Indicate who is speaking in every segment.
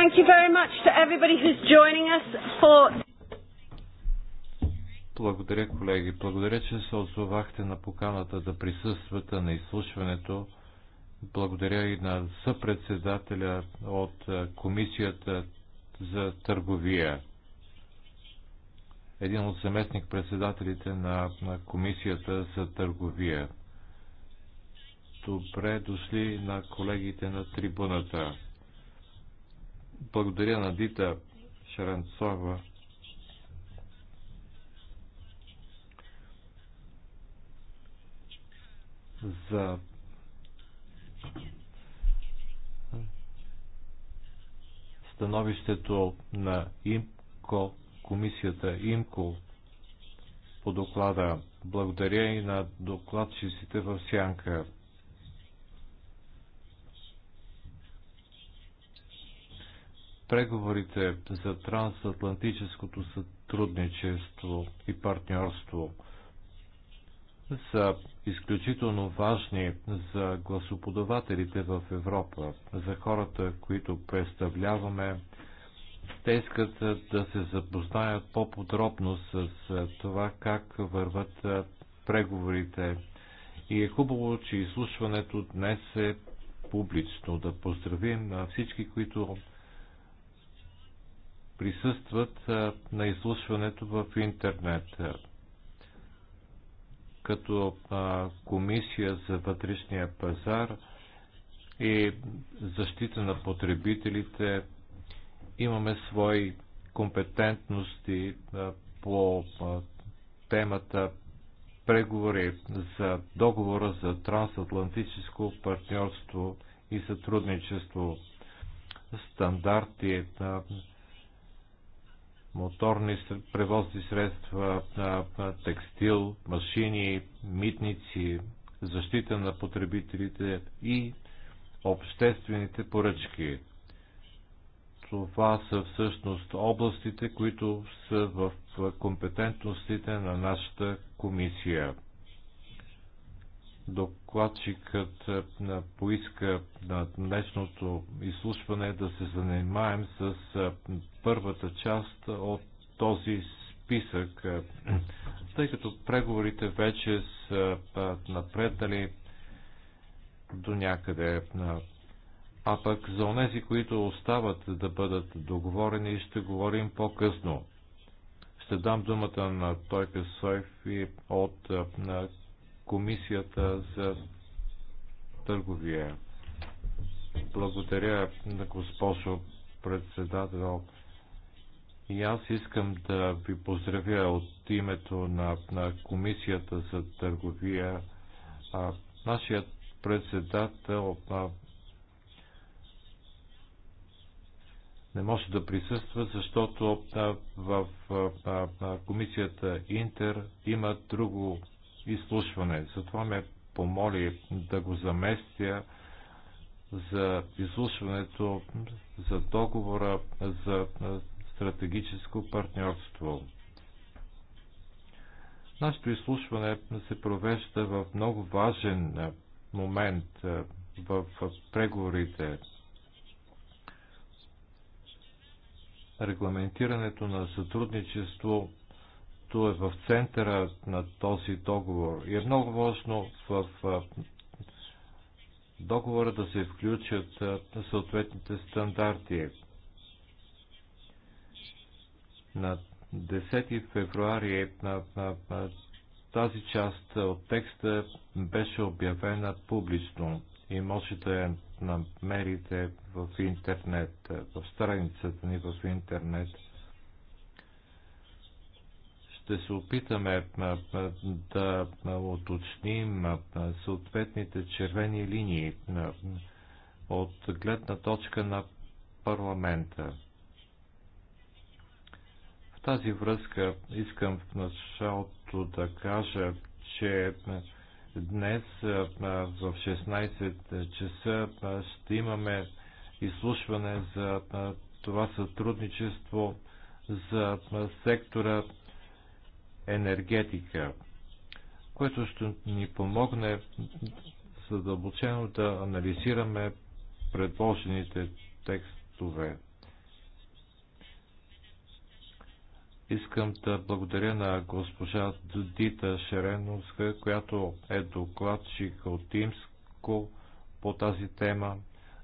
Speaker 1: Thank you very
Speaker 2: much to everybody who's joining us for...
Speaker 1: Благодаря, колеги. Благодаря, че се отзовахте на поканата да присъствате на изслушването. Благодаря и на съпредседателя от е, Комисията за търговия. Един от съместник председателите на, на Комисията за търговия. Добре дошли на колегите на трибуната. Благодаря на Дита Шаранцова. за становището на ИМКО, комисията ИМКО по доклада. Благодаря и на докладчиците в Сянка. преговорите за трансатлантическото сътрудничество и партньорство са изключително важни за гласоподавателите в Европа, за хората, които представляваме. Те искат да се запознаят по-подробно с това как върват преговорите. И е хубаво, че изслушването днес е публично. Да поздравим всички, които присъстват на изслушването в интернет. Като комисия за вътрешния пазар и защита на потребителите имаме свои компетентности по темата преговори за договора за трансатлантическо партньорство и сътрудничество, стандарти, моторни превозни средства, текстил, машини, митници, защита на потребителите и обществените поръчки. Това са всъщност областите, които са в компетентностите на нашата комисия докладчикът е, поиска на днешното изслушване да се занимаем с е, първата част от този списък, е, тъй като преговорите вече са напреднали до някъде. А пък за онези, които остават да бъдат договорени, ще говорим по-късно. Ще дам думата на Тойка и от Комисията за търговия. Благодаря, госпожо председател. И аз искам да ви поздравя от името на, на Комисията за търговия. А, нашият председател а, не може да присъства, защото а, в а, а, Комисията Интер има друго изслушване. Затова ме помоли да го заместя за изслушването за договора за стратегическо партньорство. Нашето изслушване се провежда в много важен момент в преговорите. Регламентирането на сътрудничество което е в центъра на този договор. И е много важно в договора да се включат съответните стандарти. На 10 февруари на, на, на тази част от текста беше обявена публично и може да я намерите в интернет, в страницата ни в интернет ще се опитаме да уточним съответните червени линии от гледна точка на парламента. В тази връзка искам в началото да кажа, че днес в 16 часа ще имаме изслушване за това сътрудничество за сектора енергетика, което ще ни помогне задълбочено да анализираме предложените текстове. Искам да благодаря на госпожа Дита Шереновска, която е докладчик от Имско по тази тема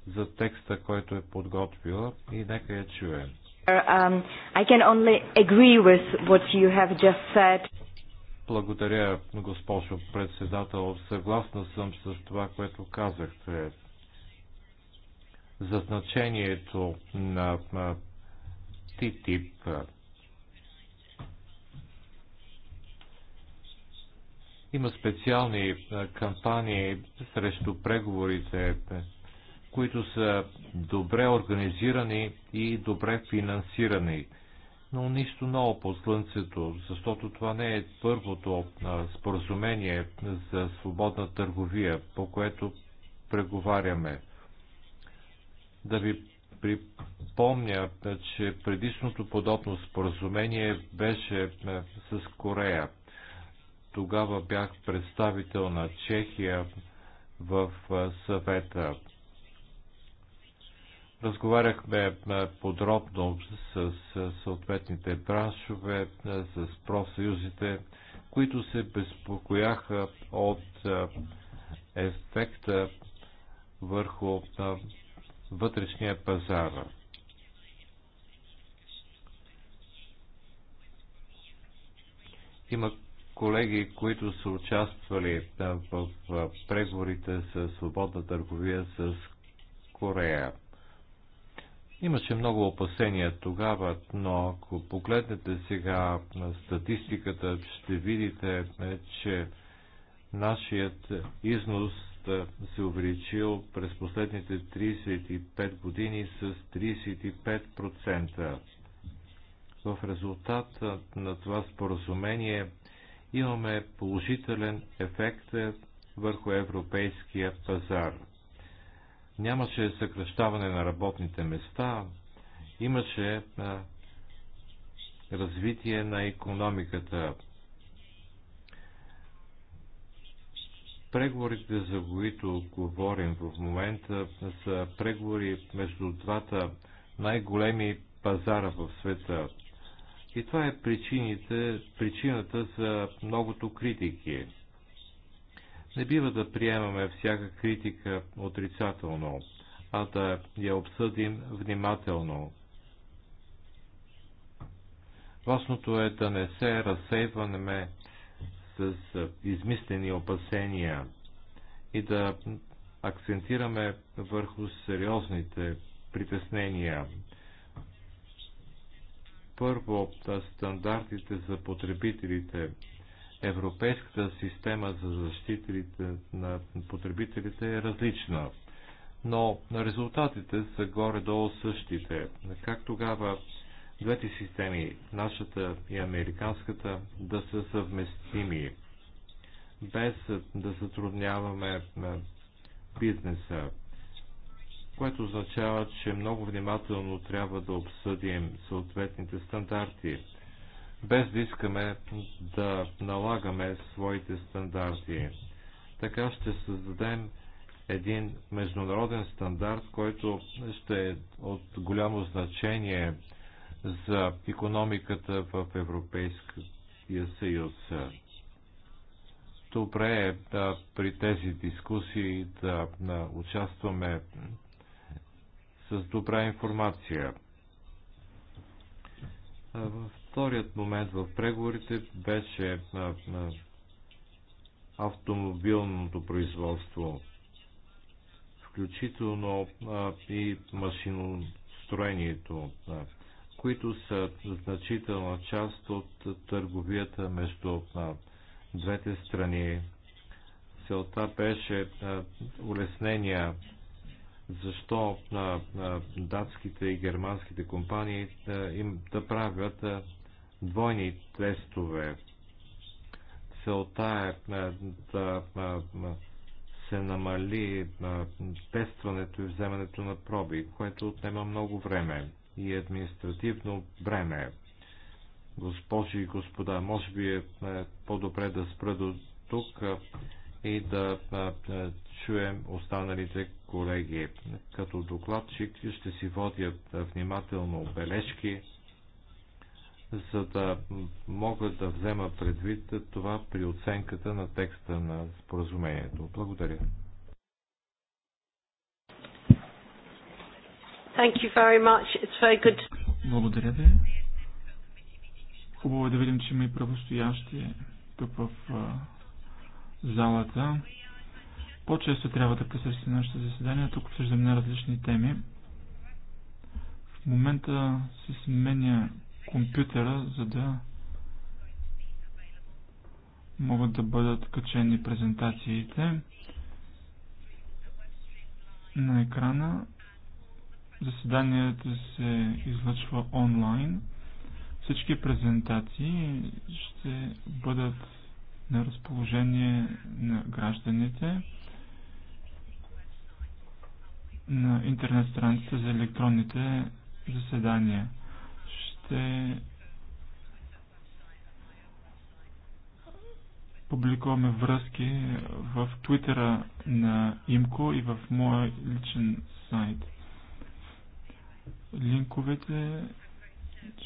Speaker 1: за текста, който е подготвила и нека я чуем.
Speaker 2: Um, I can only agree with what you have just said.
Speaker 1: Благодаря, госпожо председател. Съгласна съм с това, което казахте за значението на ТТИП. Има специални кампании срещу преговорите които са добре организирани и добре финансирани. Но нищо ново по слънцето, защото това не е първото споразумение за свободна търговия, по което преговаряме. Да ви припомня, че предишното подобно споразумение беше с Корея. Тогава бях представител на Чехия в съвета. Разговаряхме подробно с съответните браншове, с профсъюзите, които се безпокояха от ефекта върху вътрешния пазар. Има колеги, които са участвали в преговорите за свободна търговия с Корея. Имаше много опасения тогава, но ако погледнете сега на статистиката, ще видите, е, че нашият износ се увеличил през последните 35 години с 35%. В резултат на това споразумение имаме положителен ефект върху европейския пазар. Нямаше съкръщаване на работните места, имаше е, развитие на економиката. Преговорите, за които говорим в момента, са преговори между двата най-големи пазара в света. И това е причините, причината за многото критики. Не бива да приемаме всяка критика отрицателно, а да я обсъдим внимателно. Важното е да не се разсейваме с измислени опасения и да акцентираме върху сериозните притеснения. Първо, стандартите за потребителите Европейската система за защитите на потребителите е различна, но резултатите са горе-долу същите. Как тогава двете системи, нашата и американската, да са съвместими, без да затрудняваме бизнеса, което означава, че много внимателно трябва да обсъдим съответните стандарти без да искаме да налагаме своите стандарти. Така ще създадем един международен стандарт, който ще е от голямо значение за економиката в Европейския съюз. Добре е да при тези дискусии да участваме с добра информация. В Вторият момент в преговорите беше на, на автомобилното производство, включително а, и машиностроението, а, които са значителна част от търговията между а, двете страни. Целта беше а, улеснения защо а, а, датските и германските компании а, им да правят а, двойни тестове. Целта е, е да е, е, се намали тестването и вземането на проби, което отнема много време и административно време. Госпожи и господа, може би е по-добре да спра до тук и да чуем останалите колеги. Като докладчик ще си водят внимателно бележки за да мога да взема предвид това при оценката на текста на споразумението. Благодаря.
Speaker 2: Thank you very much. It's very good.
Speaker 3: Благодаря ви. Хубаво е да видим, че има и правостоящи тук в залата. По-често трябва да присъстваме на нашите заседания. Тук обсъждаме различни теми. В момента се сменя компютъра, за да могат да бъдат качени презентациите на екрана. Заседанието се излъчва онлайн. Всички презентации ще бъдат на разположение на гражданите на интернет страница за електронните заседания ще публикуваме връзки в твитъра на Имко и в моя личен сайт. Линковете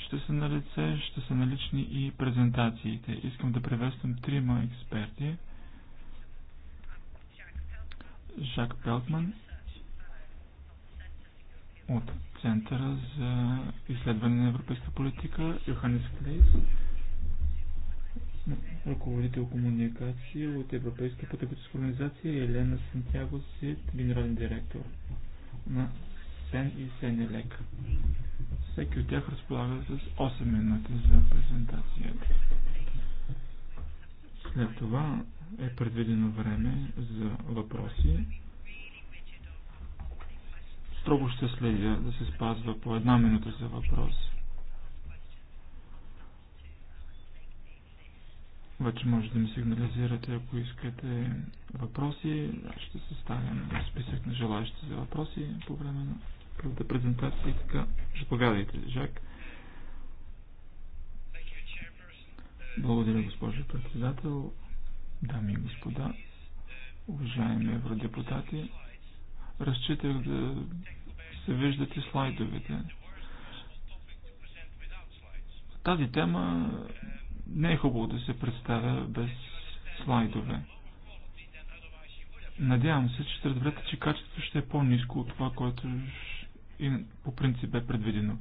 Speaker 3: ще са на лице, ще са налични и презентациите. Искам да приветствам трима експерти. Жак Пелтман, от Центъра за изследване на европейска политика Йоханес Клейс, ръководител комуникация от Европейска пътекотическа организация Елена Сантьяго Сит, генерален директор на Сен и Сенелек. Всеки от тях разполага с 8 минути за презентацията. След това е предвидено време за въпроси Строго ще следя да се спазва по една минута за въпрос. Вече може да ми сигнализирате, ако искате въпроси. Аз ще съставям списък на желаящи за въпроси по време на първата презентация. Така, заповядайте, Жак. Благодаря, госпожо председател, дами и господа, уважаеми евродепутати разчитах да се виждат и слайдовете. Тази тема не е хубаво да се представя без слайдове. Надявам се, че ще разберете, че качеството ще е по-низко от това, което по принцип е предвидено.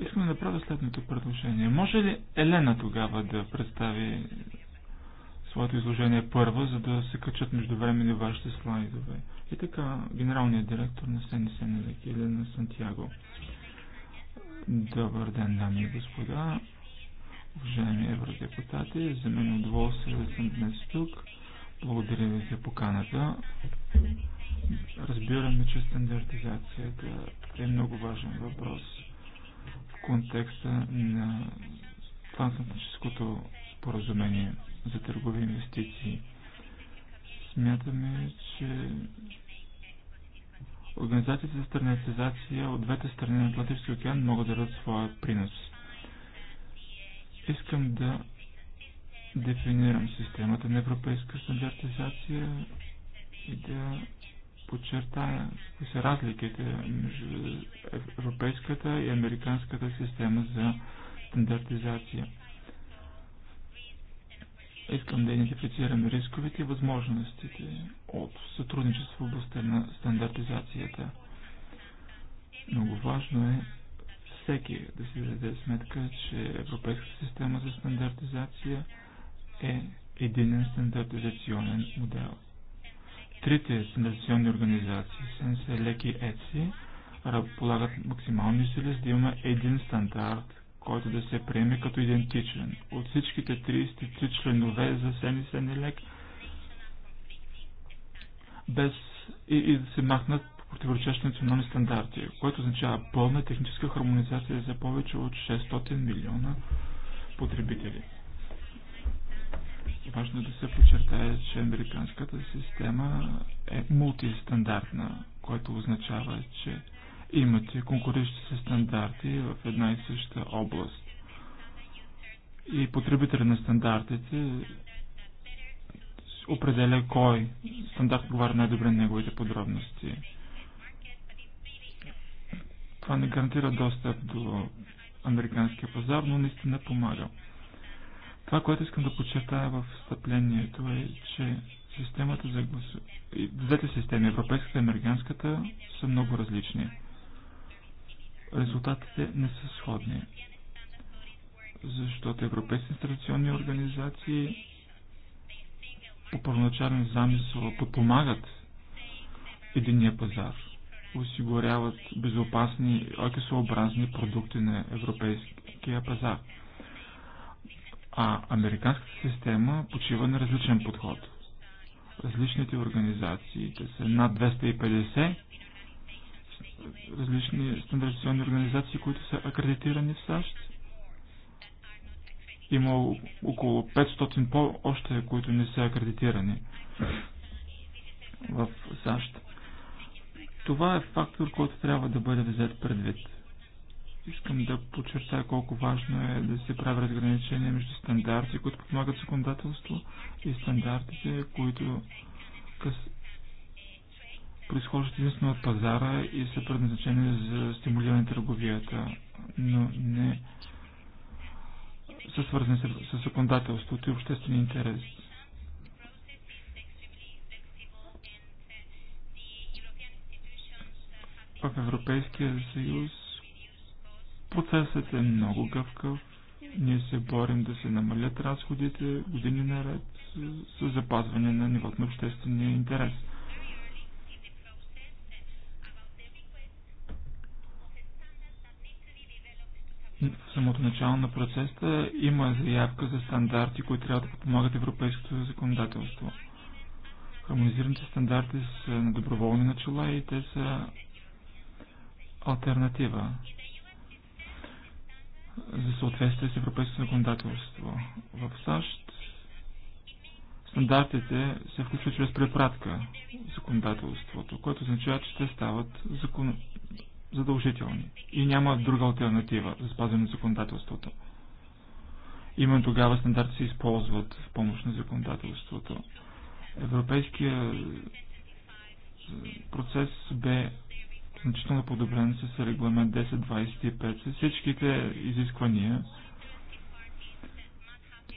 Speaker 3: Искам да направя следното предложение. Може ли Елена тогава да представи своето изложение първа, за да се качат междувременно вашите слайдове. И така, генералният директор на СНС на Сантьяго. Добър ден, дами и господа, уважаеми евродепутати, за мен е удоволствие да съм днес тук. Благодаря ви за поканата. Разбираме, че стандартизацията е много важен въпрос в контекста на трансатлантическото споразумение за търгови инвестиции. Смятаме, че Организацията за стърнатизация от двете страни на Атлантическия океан могат да дадат своя принос. Искам да дефинирам системата на европейска стандартизация и да подчертая кои са разликите между европейската и американската система за стандартизация. Искам да идентифицираме рисковете и възможностите от сътрудничество в областта на стандартизацията. Много важно е всеки да си даде сметка, че Европейската система за стандартизация е единен стандартизационен модел. Трите стандартизационни организации, СЕНСЕ, ЛЕК и ЕЦИ, полагат максимални усилия, за да имаме един стандарт, който да се приеме като идентичен от всичките 33 членове за Сени лек, без и, и да се махнат противоречащи национални стандарти, което означава пълна техническа хармонизация за повече от 600 милиона потребители. Важно е да се подчертае, че американската система е мултистандартна, което означава, че имате конкуриращи се стандарти в една и съща област. И потребителят на стандартите определя кой стандарт отговаря най-добре на неговите подробности. Това не гарантира достъп до американския пазар, но наистина помага. Това, което искам да подчертая в встъплението е, че системата за гласу... двете системи, европейската и американската, са много различни резултатите не са сходни. Защото европейски институционни организации по първоначален замисъл подпомагат единния пазар, осигуряват безопасни, екосообразни продукти на европейския пазар. А американската система почива на различен подход. Различните организации, те са над 250, различни стандартизационни организации, които са акредитирани в САЩ. Има около 500 по още, които не са акредитирани в САЩ. Това е фактор, който трябва да бъде взет предвид. Искам да подчертая колко важно е да се прави разграничение между стандарти, които помагат законодателство и стандартите, които произхождат единствено от пазара и са предназначени за стимулиране търговията, но не са свързани с, законодателството и обществени интерес. В Европейския съюз процесът е много гъвкав. Ние се борим да се намалят разходите години наред с, с запазване на нивото на обществения интерес – в самото начало на процеса има заявка за стандарти, които трябва да подпомагат европейското законодателство. Хармонизираните стандарти са на доброволни начала и те са альтернатива за съответствие с европейското законодателство. В САЩ стандартите се включват чрез препратка в законодателството, което означава, че те стават закон задължителни и няма друга альтернатива за спазване на законодателството. Именно тогава стандарти се използват в помощ на законодателството. Европейския е, процес бе значително подобрен с регламент 1025, с всичките изисквания.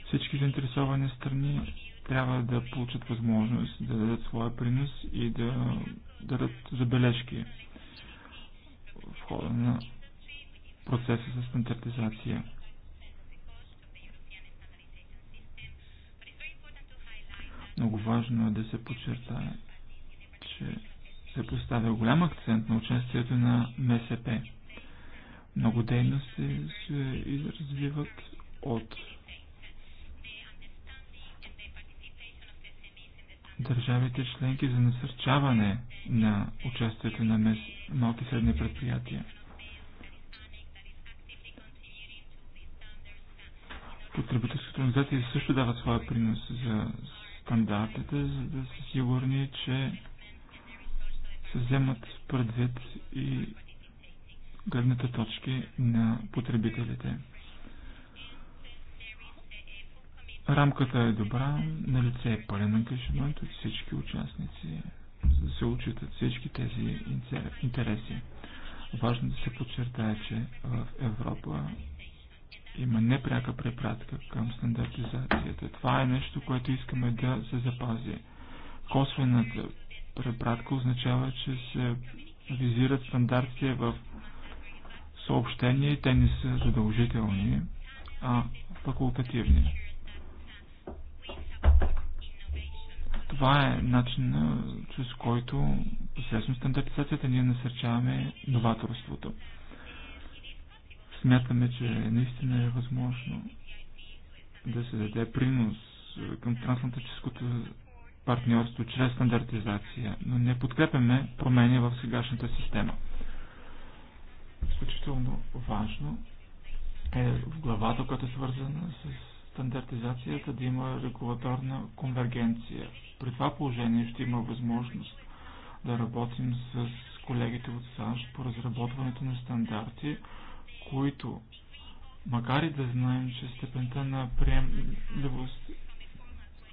Speaker 3: Всички заинтересовани страни трябва да получат възможност да дадат своя принос и да дадат забележки хода на процеса за стандартизация. Много важно е да се подчертае, че се поставя голям акцент на участието на МСП. Много дейности се развиват от държавите членки за насърчаване на участието на мес... малки и средни предприятия. Потребителската организация също дава своя принос за стандартите, за да са сигурни, че се вземат предвид и гледните точки на потребителите. Рамката е добра, на лице е пълен ангажимент от всички участници, за да се учат от всички тези интереси. Важно е да се подчертае, че в Европа има непряка препратка към стандартизацията. Това е нещо, което искаме да се запази. Косвената препратка означава, че се визират стандартите в съобщения и те не са задължителни, а факултативни. Това е начинът, чрез който посредством стандартизацията ние насърчаваме новаторството. Смятаме, че наистина е възможно да се даде принос към трансатлантическото партньорство чрез стандартизация, но не подкрепяме промени в сегашната система. Изключително важно е в главата, която е свързана с стандартизацията да има регулаторна конвергенция. При това положение ще има възможност да работим с колегите от САЩ по разработването на стандарти, които, макар и да знаем, че степента на приемливост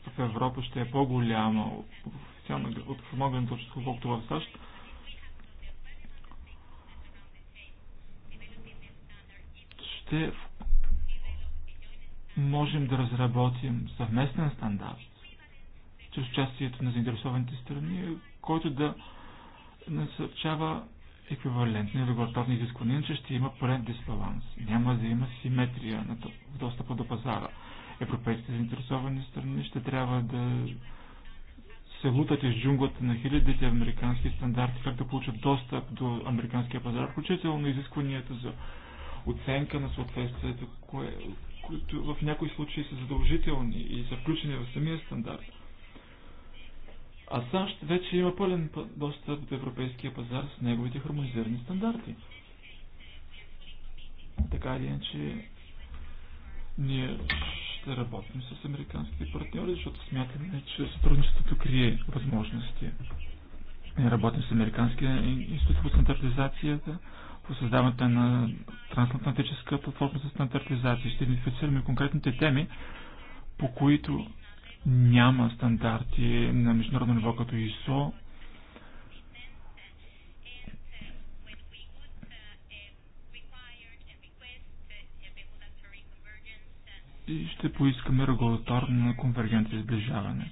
Speaker 3: в Европа ще е по-голяма от формална точка, колкото в САЩ, ще можем да разработим съвместен стандарт чрез участието на заинтересованите страни, който да насърчава еквивалентни регулаторни изисквания, че ще има пълен дисбаланс. Няма да има симетрия на достъпа до пазара. Европейските заинтересовани страни ще трябва да се лутат из джунглата на хилядите американски стандарти, как да получат достъп до американския пазар, включително изискванията за оценка на съответствието, кое, които в някои случаи са задължителни и са включени в самия стандарт. А САЩ вече има пълен достъп до европейския пазар с неговите хармонизирани стандарти. Така или иначе, ние ще работим с американските партньори, защото смятаме, че сътрудничеството крие възможности. Ние работим с Американския институт по стандартизацията, по създаването на трансатлантическа платформа за стандартизация. Ще идентифицираме конкретните теми, по които няма стандарти на международно ниво като ИСО. И ще поискаме регулаторна конвергенция и сближаване.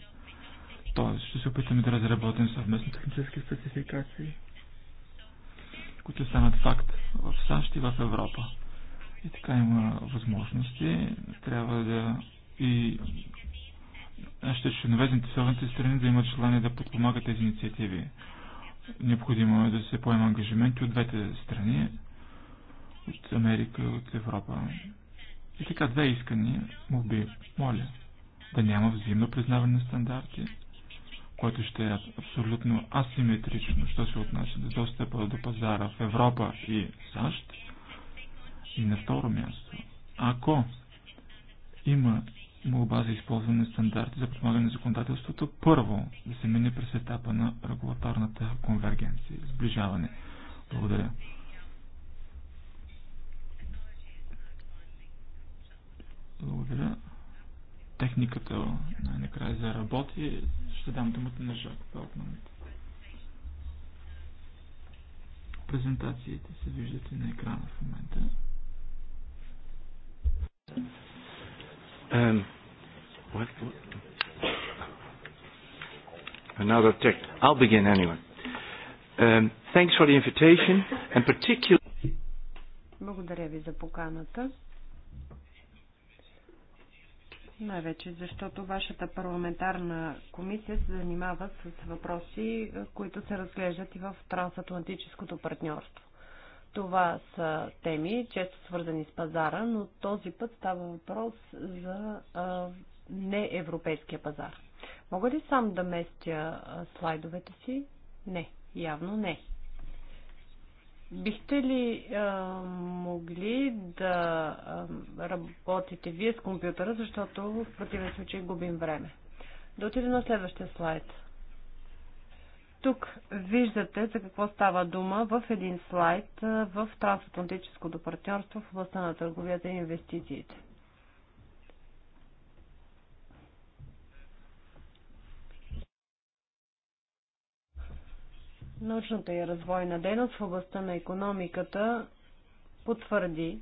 Speaker 3: Тоест, ще се опитаме да разработим съвместни технически спецификации които станат факт в САЩ и в Европа. И така има възможности. Трябва да и нашите членове заинтересованите страни да имат желание да подпомагат тези инициативи. Необходимо е да се поема ангажименти от двете страни, от Америка и от Европа. И така, две искани, моби, моля, да няма взаимно признаване на стандарти, което ще е абсолютно асиметрично, що се отнася до достъпа до пазара в Европа и САЩ. И на второ място, ако има молба за използване на стандарти за подпомагане на законодателството, първо да се мине през етапа на регулаторната конвергенция, сближаване. Благодаря. Благодаря. Техниката най-накрая заработи. Ще дам думата на Жак в Фелтман. Презентациите се виждат и на екрана в момента. Um, what, what?
Speaker 1: Another tech. I'll begin anyway. Um, thanks
Speaker 3: for the invitation and particularly.
Speaker 2: Благодаря ви за поканата. Най-вече защото вашата парламентарна комисия се занимава с въпроси, които се разглеждат и в трансатлантическото партньорство. Това са теми, често свързани с пазара, но този път става въпрос за а, неевропейския пазар. Мога ли сам да местя слайдовете си? Не, явно не. Бихте ли а, могли да а, работите вие с компютъра, защото в противен случай губим време? Да отидем на следващия слайд. Тук виждате за какво става дума в един слайд в трансатлантическото партньорство в областта на търговията и инвестициите. научната и развойна дейност в областта на економиката потвърди,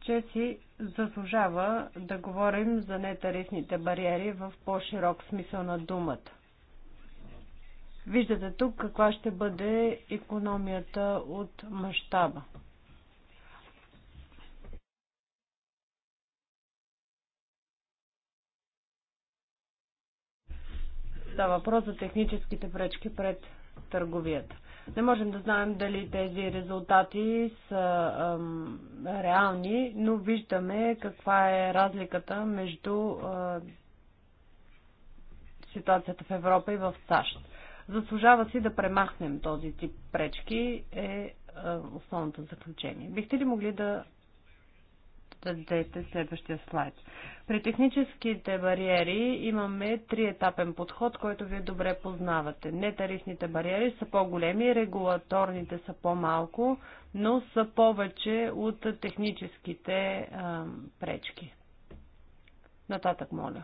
Speaker 2: че си заслужава да говорим за нетарифните бариери в по-широк смисъл на думата. Виждате тук каква ще бъде економията от мащаба. Става въпрос за техническите пречки пред търговията. Не можем да знаем дали тези резултати са ам, реални, но виждаме каква е разликата между а, ситуацията в Европа и в САЩ. Заслужава си да премахнем този тип пречки е а, основното заключение. Бихте ли могли да дадете следващия слайд? При техническите бариери имаме триетапен подход, който вие добре познавате. Нетарифните бариери са по-големи, регулаторните са по-малко, но са повече от техническите а, пречки. Нататък, моля.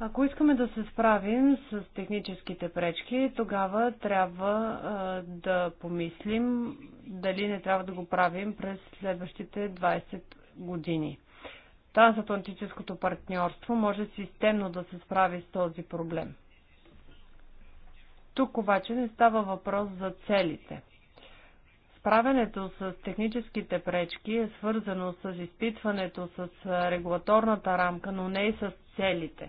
Speaker 2: Ако искаме да се справим с техническите пречки, тогава трябва а, да помислим дали не трябва да го правим през следващите 20 години. Трансатлантическото партньорство може системно да се справи с този проблем. Тук обаче не става въпрос за целите. Справенето с техническите пречки е свързано с изпитването с регулаторната рамка, но не и с целите.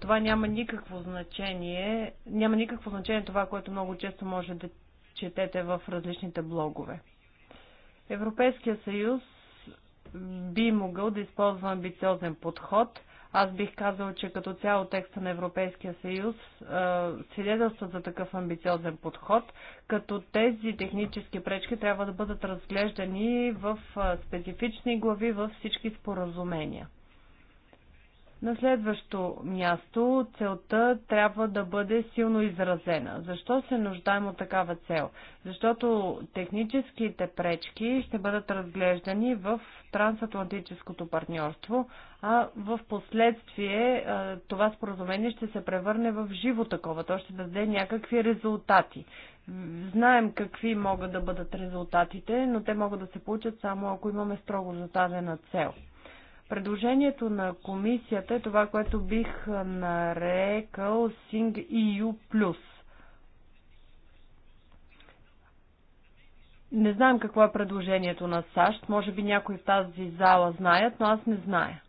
Speaker 2: Това няма никакво значение, няма никакво значение това, което много често може да четете в различните блогове. Европейския съюз би могъл да използва амбициозен подход. Аз бих казал, че като цяло текста на Европейския съюз свидетелства за такъв амбициозен подход, като тези технически пречки трябва да бъдат разглеждани в специфични глави във всички споразумения. На следващо място целта трябва да бъде силно изразена. Защо се нуждаем от такава цел? Защото техническите пречки ще бъдат разглеждани в трансатлантическото партньорство, а в последствие е, това споразумение ще се превърне в живо такова. То ще даде някакви резултати. Знаем какви могат да бъдат резултатите, но те могат да се получат само ако имаме строго зададена цел. Предложението на комисията е това, което бих нарекал Sing EU+. Не знам какво е предложението на САЩ. Може би някои в тази зала знаят, но аз не зная.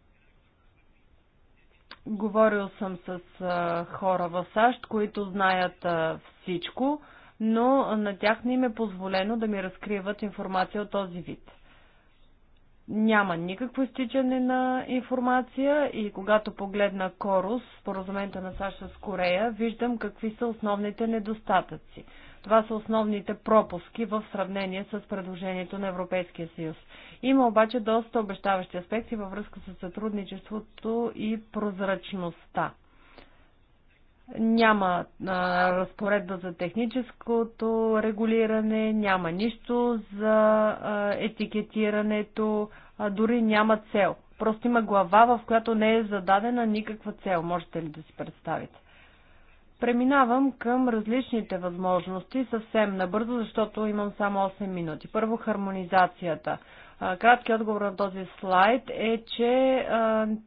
Speaker 2: Говорил съм с хора в САЩ, които знаят всичко, но на тях не им е позволено да ми разкриват информация от този вид няма никакво изтичане на информация и когато погледна Корус, споразумента на САЩ с Корея, виждам какви са основните недостатъци. Това са основните пропуски в сравнение с предложението на Европейския съюз. Има обаче доста обещаващи аспекти във връзка с сътрудничеството и прозрачността. Няма а, разпоредба за техническото регулиране, няма нищо за а, етикетирането, а, дори няма цел. Просто има глава, в която не е зададена никаква цел. Можете ли да си представите? Преминавам към различните възможности съвсем набързо, защото имам само 8 минути. Първо хармонизацията. Кратки отговор на този слайд е, че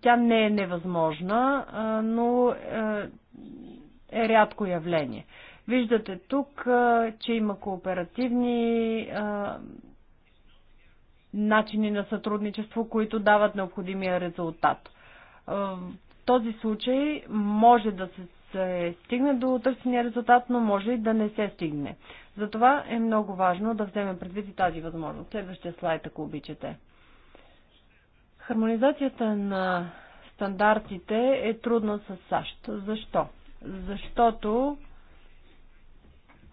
Speaker 2: тя не е невъзможна, но е, е рядко явление. Виждате тук, че има кооперативни начини на сътрудничество, които дават необходимия резултат. В този случай може да се се стигне до търсения резултат, но може и да не се стигне. Затова е много важно да вземем предвид и тази възможност. Следващия слайд, ако обичате. Хармонизацията на стандартите е трудна с САЩ. Защо? Защото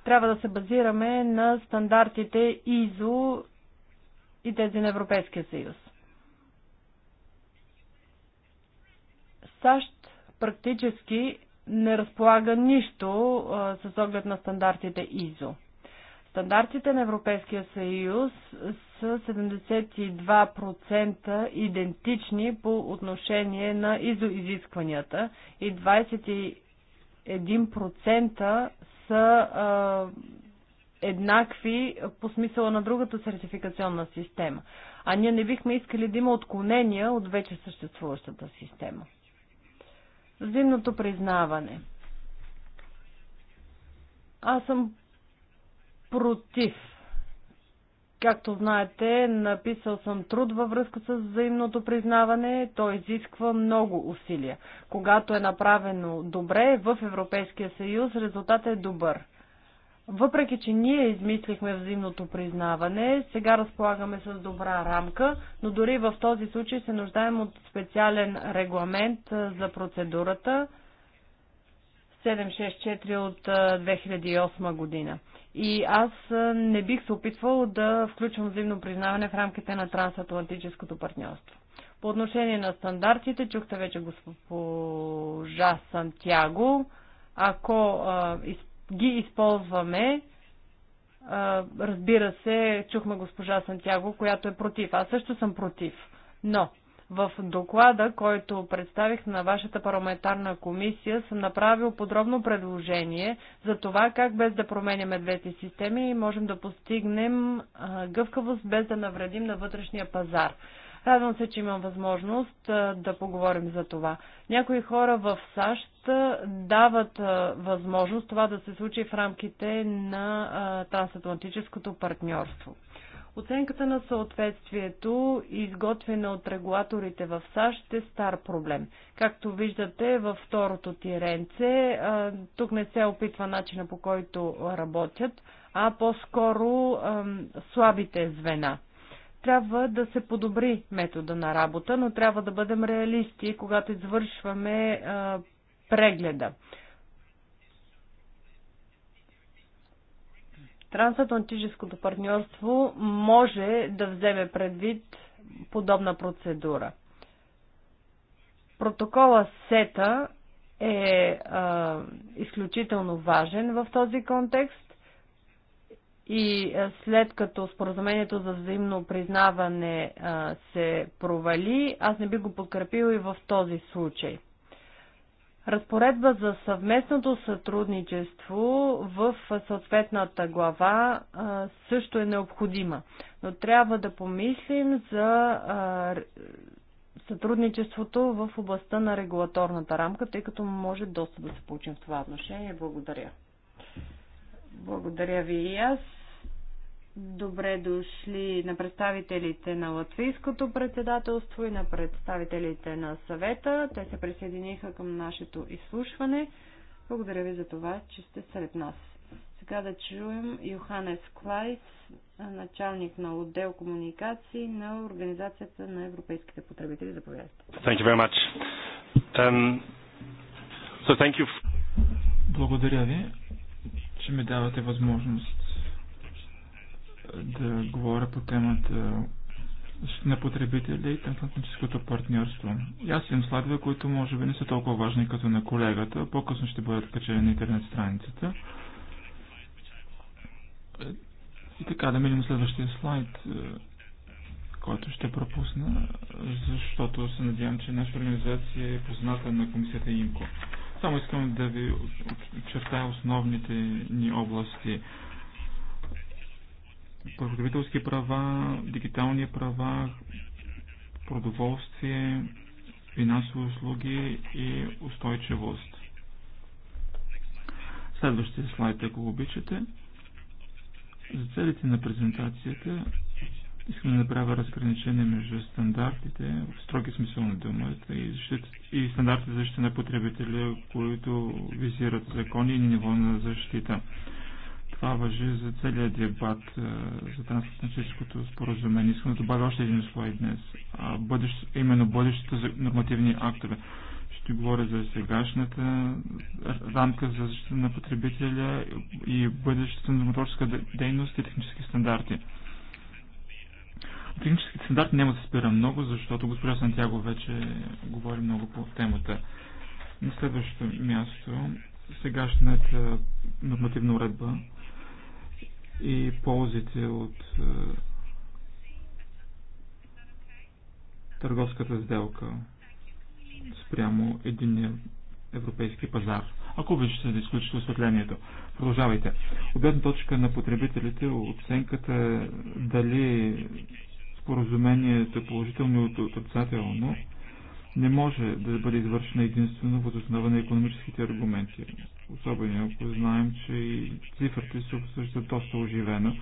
Speaker 2: трябва да се базираме на стандартите ИЗО и тези на Европейския съюз. САЩ практически не разполага нищо а, с оглед на стандартите ИЗО. Стандартите на Европейския съюз са 72% идентични по отношение на ИЗО изискванията и 21% са а, еднакви по смисъла на другата сертификационна система. А ние не бихме искали да има отклонения от вече съществуващата система. Взаимното признаване. Аз съм против. Както знаете, написал съм труд във връзка с взаимното признаване. То изисква много усилия. Когато е направено добре в Европейския съюз, резултатът е добър. Въпреки, че ние измислихме взаимното признаване, сега разполагаме с добра рамка, но дори в този случай се нуждаем от специален регламент за процедурата 764 от 2008 година. И аз не бих се опитвал да включвам взаимно признаване в рамките на трансатлантическото партньорство. По отношение на стандартите, чухте вече госпожа Сантяго. Ако а, ги използваме. Разбира се, чухме госпожа Сантяго, която е против. Аз също съм против. Но в доклада, който представих на вашата парламентарна комисия, съм направил подробно предложение за това как без да променяме двете системи можем да постигнем гъвкавост без да навредим на вътрешния пазар. Радвам се, че имам възможност да поговорим за това. Някои хора в САЩ дават възможност това да се случи в рамките на трансатлантическото партньорство. Оценката на съответствието, изготвена от регулаторите в САЩ, е стар проблем. Както виждате във второто тиренце, тук не се опитва начина по който работят, а по-скоро слабите звена. Трябва да се подобри метода на работа, но трябва да бъдем реалисти, когато извършваме а, прегледа. Трансатлантическото партньорство може да вземе предвид подобна процедура. Протокола СЕТА е а, изключително важен в този контекст и е, след като споразумението за взаимно признаване е, се провали, аз не би го подкрепил и в този случай. Разпоредба за съвместното сътрудничество в съответната глава е, също е необходима, но трябва да помислим за сътрудничеството в областта на регулаторната рамка, тъй като може доста да се получим в това отношение. Благодаря. Благодаря ви и аз. Добре дошли на представителите на Латвийското председателство и на представителите на съвета. Те се присъединиха към нашето изслушване. Благодаря ви за това, че сте сред нас. Сега да чуем Йоханес Клайс, началник на отдел комуникации на Организацията на европейските потребители. Заповядайте.
Speaker 3: Um, so Благодаря ви че ми давате възможност да говоря по темата на потребителя и трансатлантическото партньорство. И аз имам слайдове, които може би не са толкова важни като на колегата. По-късно ще бъдат качени на интернет страницата. И така, да минем следващия слайд, който ще пропусна, защото се надявам, че нашата организация е позната на комисията ИМКО. Само искам да ви очертая основните ни области. Потребителски права, дигитални права, продоволствие, финансови услуги и устойчивост. Следващия слайд, ако обичате. За целите на презентацията Искам да направя разграничение между стандартите, в строги смисъл на думата, и, защита, и стандартите за защита на потребителя, които визират закони и ниво на защита. Това въжи за целият дебат е, за трансатлантическото споразумение. Искам да добавя още един слой днес. А бъдещ, именно бъдещето за нормативни актове. Ще говоря за сегашната рамка за защита на потребителя и бъдещето на дейност и технически стандарти. Клиническите стандарти няма да се спира много, защото госпожа Сантяго вече говори много по темата. На следващото място, сегашната е, нормативна уредба и ползите от е, търговската сделка спрямо единия европейски пазар. Ако виждате да изключите осветлението, продължавайте. От точка на потребителите, оценката е дали споразумението положително и отрицателно не може да бъде извършена единствено в основа на економическите аргументи. Особено ако знаем, че и цифрите се обсъждат доста оживено.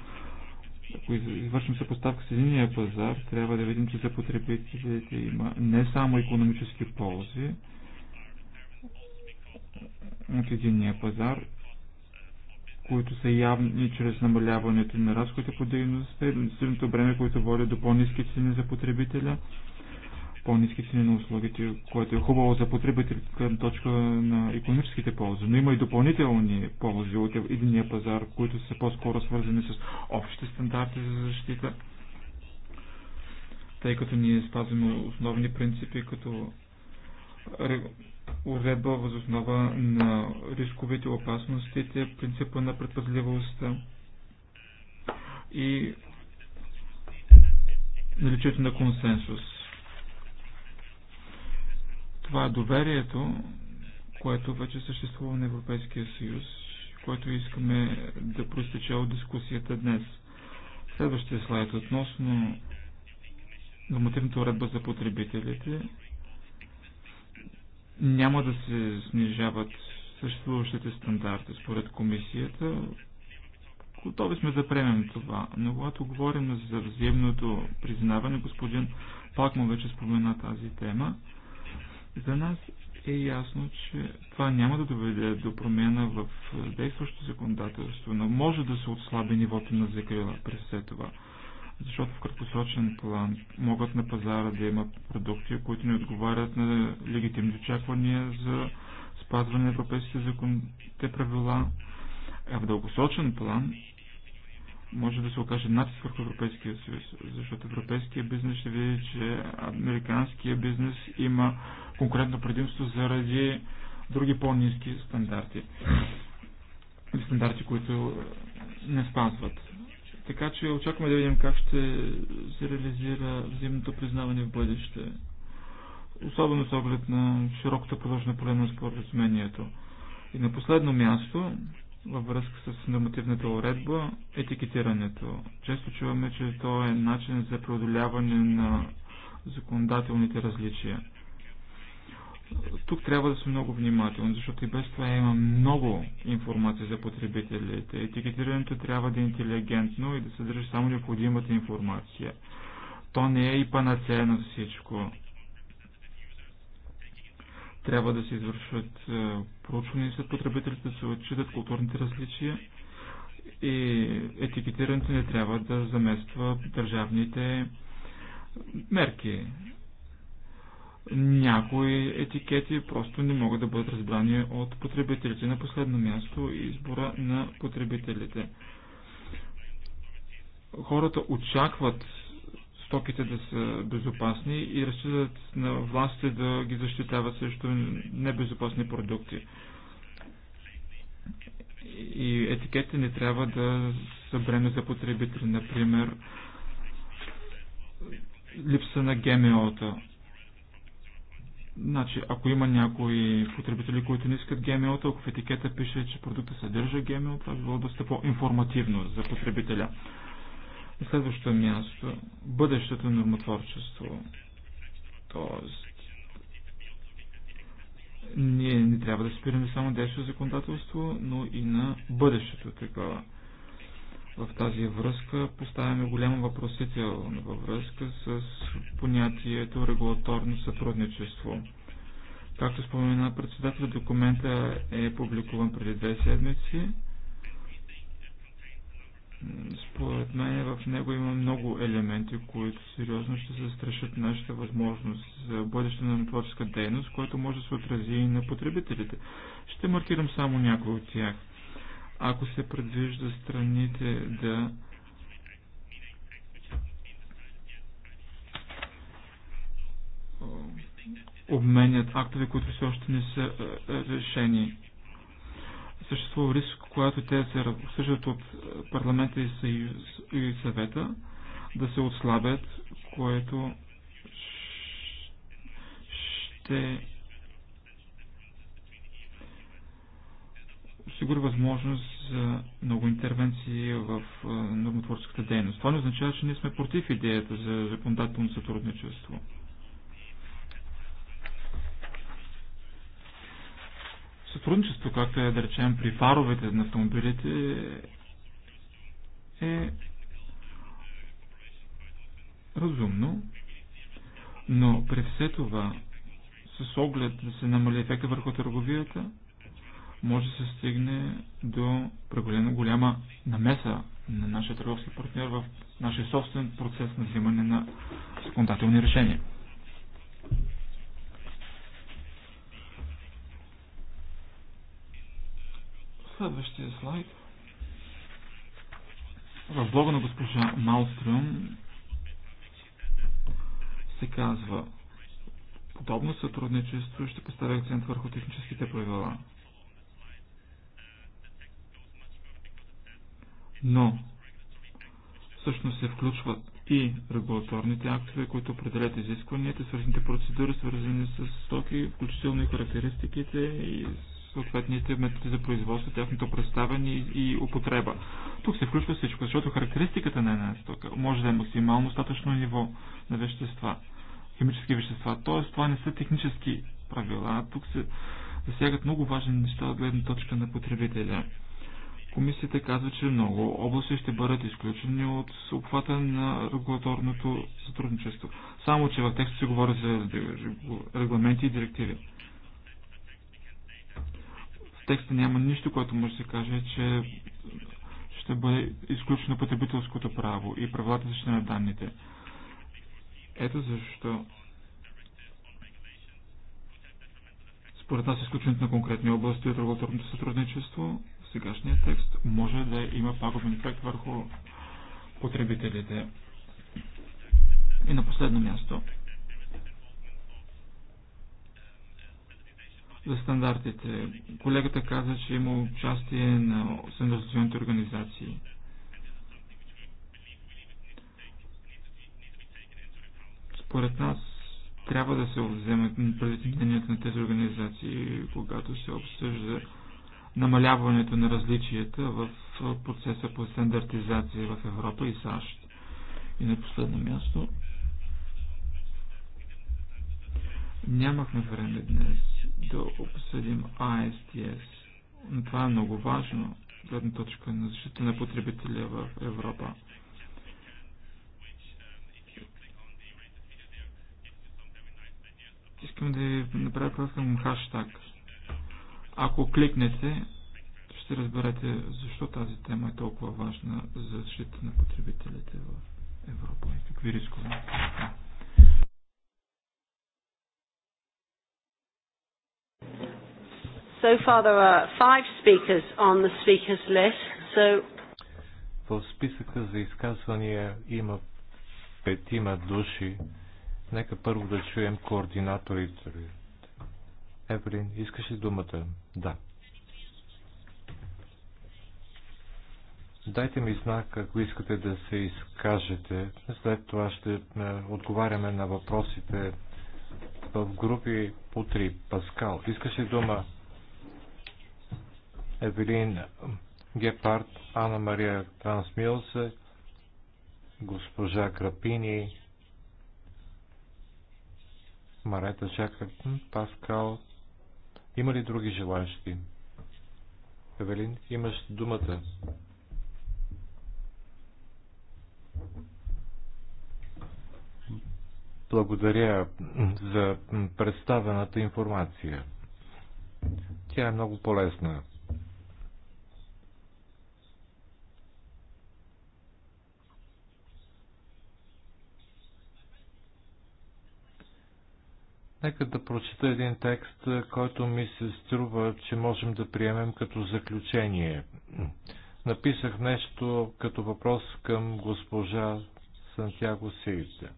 Speaker 3: Ако извършим съпоставка с единия пазар, трябва да видим, че за потребителите има не само економически ползи от единия пазар, които са явни чрез намаляването на разходите по дейността, следното време, което води до по-низки цени за потребителя, по-низки цени на услугите, което е хубаво за потребителите към точка на економическите ползи. Но има и допълнителни ползи от единия пазар, които са по-скоро свързани с общите стандарти за защита, тъй като ние спазваме основни принципи, като уредба въз основа на рисковите опасностите, принципа на предпазливостта и наличието на консенсус. Това е доверието, което вече съществува на Европейския съюз, което искаме да проистече от дискусията днес. Следващия слайд относно нормативната уредба за потребителите няма да се снижават съществуващите стандарти според комисията. Готови сме да приемем това, но когато говорим за взаимното признаване, господин Пакман вече спомена тази тема, за нас е ясно, че това няма да доведе до промена в действащото законодателство, но може да се отслаби нивото на закрила през все това защото в краткосрочен план могат на пазара да има продукти, които не отговарят на легитимни очаквания за спазване на европейските законите правила, а в дългосрочен план може да се окаже натиск върху Европейския съюз, защото европейския бизнес ще види, че американския бизнес има конкурентно предимство заради други по-низки стандарти. Стандарти, които не спазват. Така че очакваме да видим как ще се реализира взаимното признаване в бъдеще. Особено с оглед на широкото приложено поле на споразумението. И на последно място, във връзка с нормативната уредба, етикетирането. Често чуваме, че то е начин за преодоляване на законодателните различия. Тук трябва да сме много внимателни, защото и без това има много информация за потребителите. Етикетирането трябва да е интелигентно и да съдържа само необходимата информация. То не е и панацея на всичко. Трябва да се извършват е, проучвания след потребителите, да се отчитат културните различия и етикетирането не трябва да замества държавните мерки някои етикети просто не могат да бъдат разбрани от потребителите. На последно място избора на потребителите. Хората очакват стоките да са безопасни и разчитат на властите да ги защитават срещу небезопасни продукти. И етикетите не трябва да са бреме за потребители. Например, липса на ГМО-та Значи, ако има някои потребители, които не искат ГМО, ако в етикета пише, че продукта съдържа ГМО, това било доста по-информативно за потребителя. Следващото място – бъдещето нормотворчество. Тоест, ние не трябва да спираме само действо законодателство, но и на бъдещето такова. В тази връзка поставяме голяма въпросителна във връзка с понятието регулаторно сътрудничество. Както спомена председател, документа е публикуван преди две седмици. Според мен в него има много елементи, които сериозно ще се страшат нашата възможност за бъдеща на творческа дейност, което може да се отрази и на потребителите. Ще маркирам само някои от тях – ако се предвижда страните да обменят актове, които все още не са решени. Съществува риск, когато те се обсъждат от парламента и, съюз, и съвета, да се отслабят, което ще осигури възможност за много интервенции в нормотворческата дейност. Това не означава, че ние сме против идеята за законодателно сътрудничество. Сътрудничество, както е да речем при фаровете на автомобилите, е разумно, но при все това, с оглед да се намали ефекта върху търговията, може да се стигне до прекалено голяма намеса на нашия търговски партньор в нашия собствен процес на взимане на законодателни решения. Следващия слайд. В блога на госпожа Малстрюм се казва Подобно сътрудничество ще поставя акцент върху техническите правила, но всъщност се включват и регулаторните актове, които определят изискванията, свързаните процедури, свързани с стоки, включително и характеристиките и съответните методи за производство, тяхното представяне и употреба. Тук се включва всичко, защото характеристиката на една стока може да е максимално остатъчно ниво на вещества, химически вещества. Т.е. това не са технически правила, тук се засягат много важни неща от гледна точка на потребителя. Комисията казва, че много области ще бъдат изключени от обхвата на регулаторното сътрудничество. Само, че в текста се говори за регламенти и директиви. В текста няма нищо, което може да се каже, че ще бъде изключено потребителското право и правилата защита на данните. Ето защо според нас е изключването на конкретни области от регулаторното сътрудничество сегашния текст може да има пагубен ефект върху потребителите. И на последно място. За стандартите. Колегата каза, че има участие на съндързационните организации. Според нас трябва да се вземат предвид мненията на тези организации, когато се обсъжда намаляването на различията в процеса по стандартизация в Европа и САЩ. И на последно място, нямахме време днес да обсъдим ASTS. Но това е много важно, гледна точка на защита на потребителя в Европа. Искам да направя към хаштаг – ако кликнете, ще разберете защо тази тема е толкова важна за защита на потребителите в Европа и какви рискове.
Speaker 2: So far there are five speakers on the speakers list. So
Speaker 1: в списъка за изказвания има петима души. Нека първо да чуем координаторите. Евелин, искаш ли думата? Да. Дайте ми знак, ако искате да се изкажете. След това ще е, отговаряме на въпросите в групи по три Паскал, искаш ли дума? Евелин Гепард, Анна Мария Трансмилсе, госпожа Крапини, Марета Жака, Паскал, има ли други желаящи? Евелин, имаш думата. Благодаря за представената информация. Тя е много полезна. Нека да прочета един текст, който ми се струва, че можем да приемем като заключение. Написах нещо като въпрос към госпожа Сантьяго Сивите.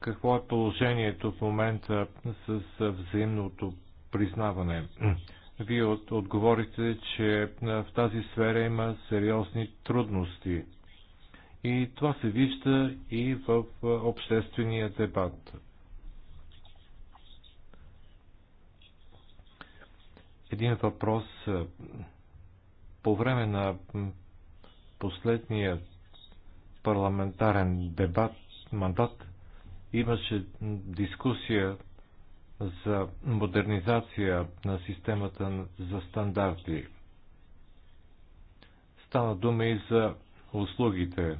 Speaker 1: Какво е положението в момента с взаимното признаване? Вие отговорите, че в тази сфера има сериозни трудности. И това се вижда и в обществения дебат един въпрос. Е, по време на последния парламентарен дебат, мандат, имаше дискусия за модернизация на системата за стандарти. Стана дума и за услугите,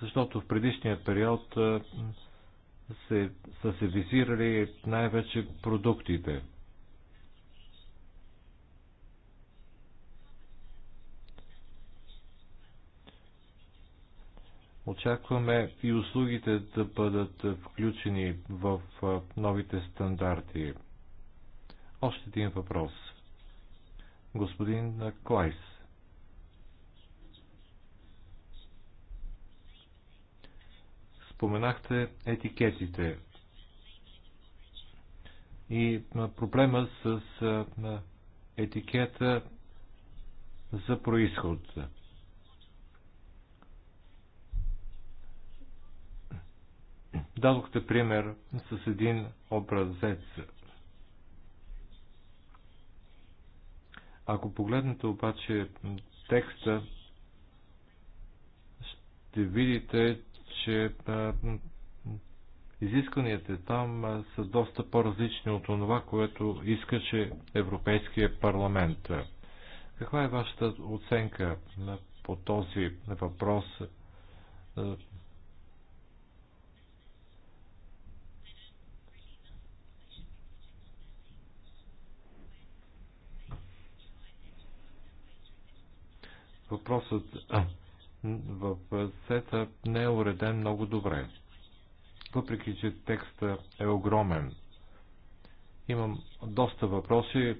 Speaker 1: защото в предишния период е, се, са се визирали най-вече продуктите – Очакваме и услугите да бъдат включени в новите стандарти. Още един въпрос. Господин Клайс. Споменахте етикетите и проблема с етикета за происход. Дадохте пример с един образец. Ако погледнете обаче текста, ще видите, че изискванията там са доста по-различни от това, което искаше Европейския парламент. Каква е вашата оценка по този въпрос? Въпросът а, в сета не е уреден много добре. Въпреки, че текста е огромен. Имам доста въпроси.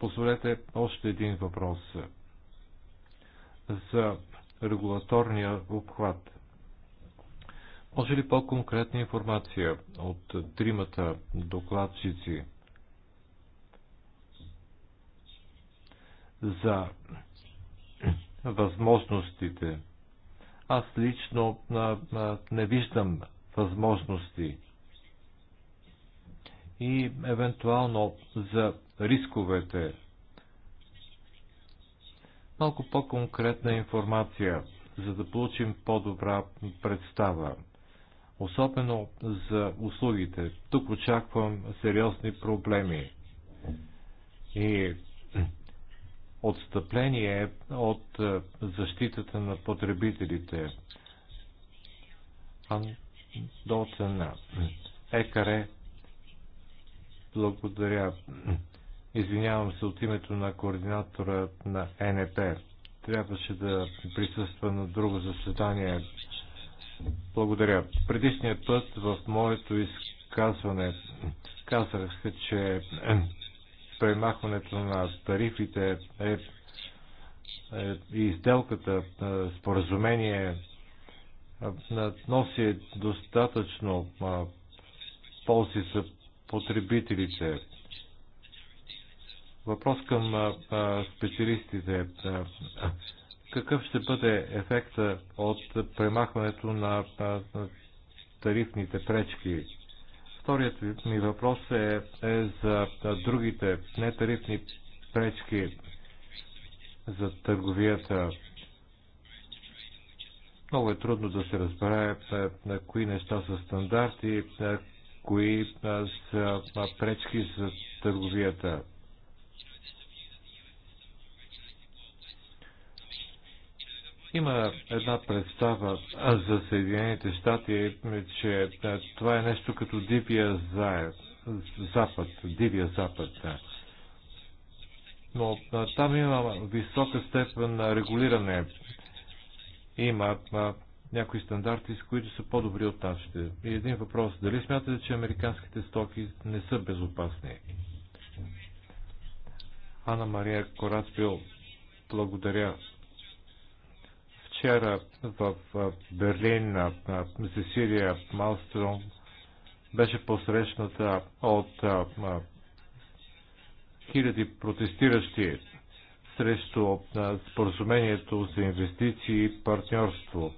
Speaker 1: Позволете още един въпрос за регулаторния обхват. Може ли по-конкретна информация от тримата докладчици за възможностите. Аз лично не виждам възможности и евентуално за рисковете. Малко по-конкретна информация, за да получим по-добра представа. Особено за услугите. Тук очаквам сериозни проблеми. И отстъпление от е, защитата на потребителите. цена. Екаре, благодаря. Извинявам се от името на координатора на НП. Трябваше да присъства на друго заседание. Благодаря. Предишният път в моето изказване казах, че премахването на тарифите е, е, е и изделката е, споразумение е, носи достатъчно е, ползи за потребителите. Въпрос към а, е, специалистите. Какъв ще бъде ефекта от премахването на, на, на тарифните пречки? Вторият ми въпрос е, е за другите нетарифни пречки за търговията. Много е трудно да се разбере е, е, на кои неща са стандарти, е, кои са пречки за търговията. Има една представа за Съединените щати, че това е нещо като дивия заед, запад, дивия запад. Но там има висока степен на регулиране. Има някои стандарти, с които са по-добри от нашите. И един въпрос. Дали смятате, че американските стоки не са безопасни? Ана Мария Кораспил благодаря вчера в Берлин Сесилия Малстром беше посрещната от хиляди протестиращи срещу споразумението за инвестиции и партньорство.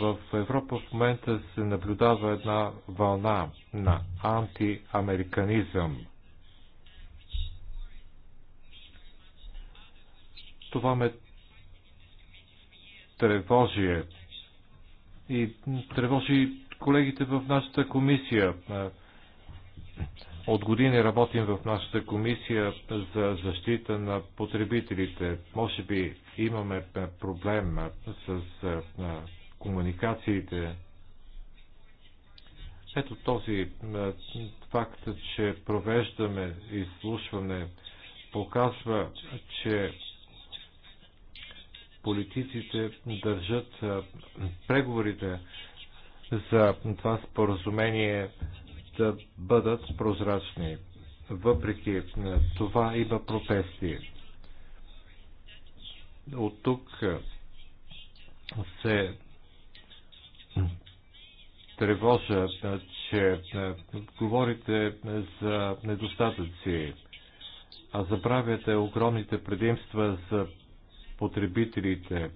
Speaker 1: В Европа в момента се наблюдава една вълна на антиамериканизъм. Това ме тревожи. Е. И тревожи колегите в нашата комисия. От години работим в нашата комисия за защита на потребителите. Може би имаме проблем с комуникациите. Ето този факт, че провеждаме изслушване, показва, че политиците държат преговорите за това споразумение да бъдат прозрачни. Въпреки това има протести. От тук се тревожа, че говорите за недостатъци, а забравяте огромните предимства за потребителите,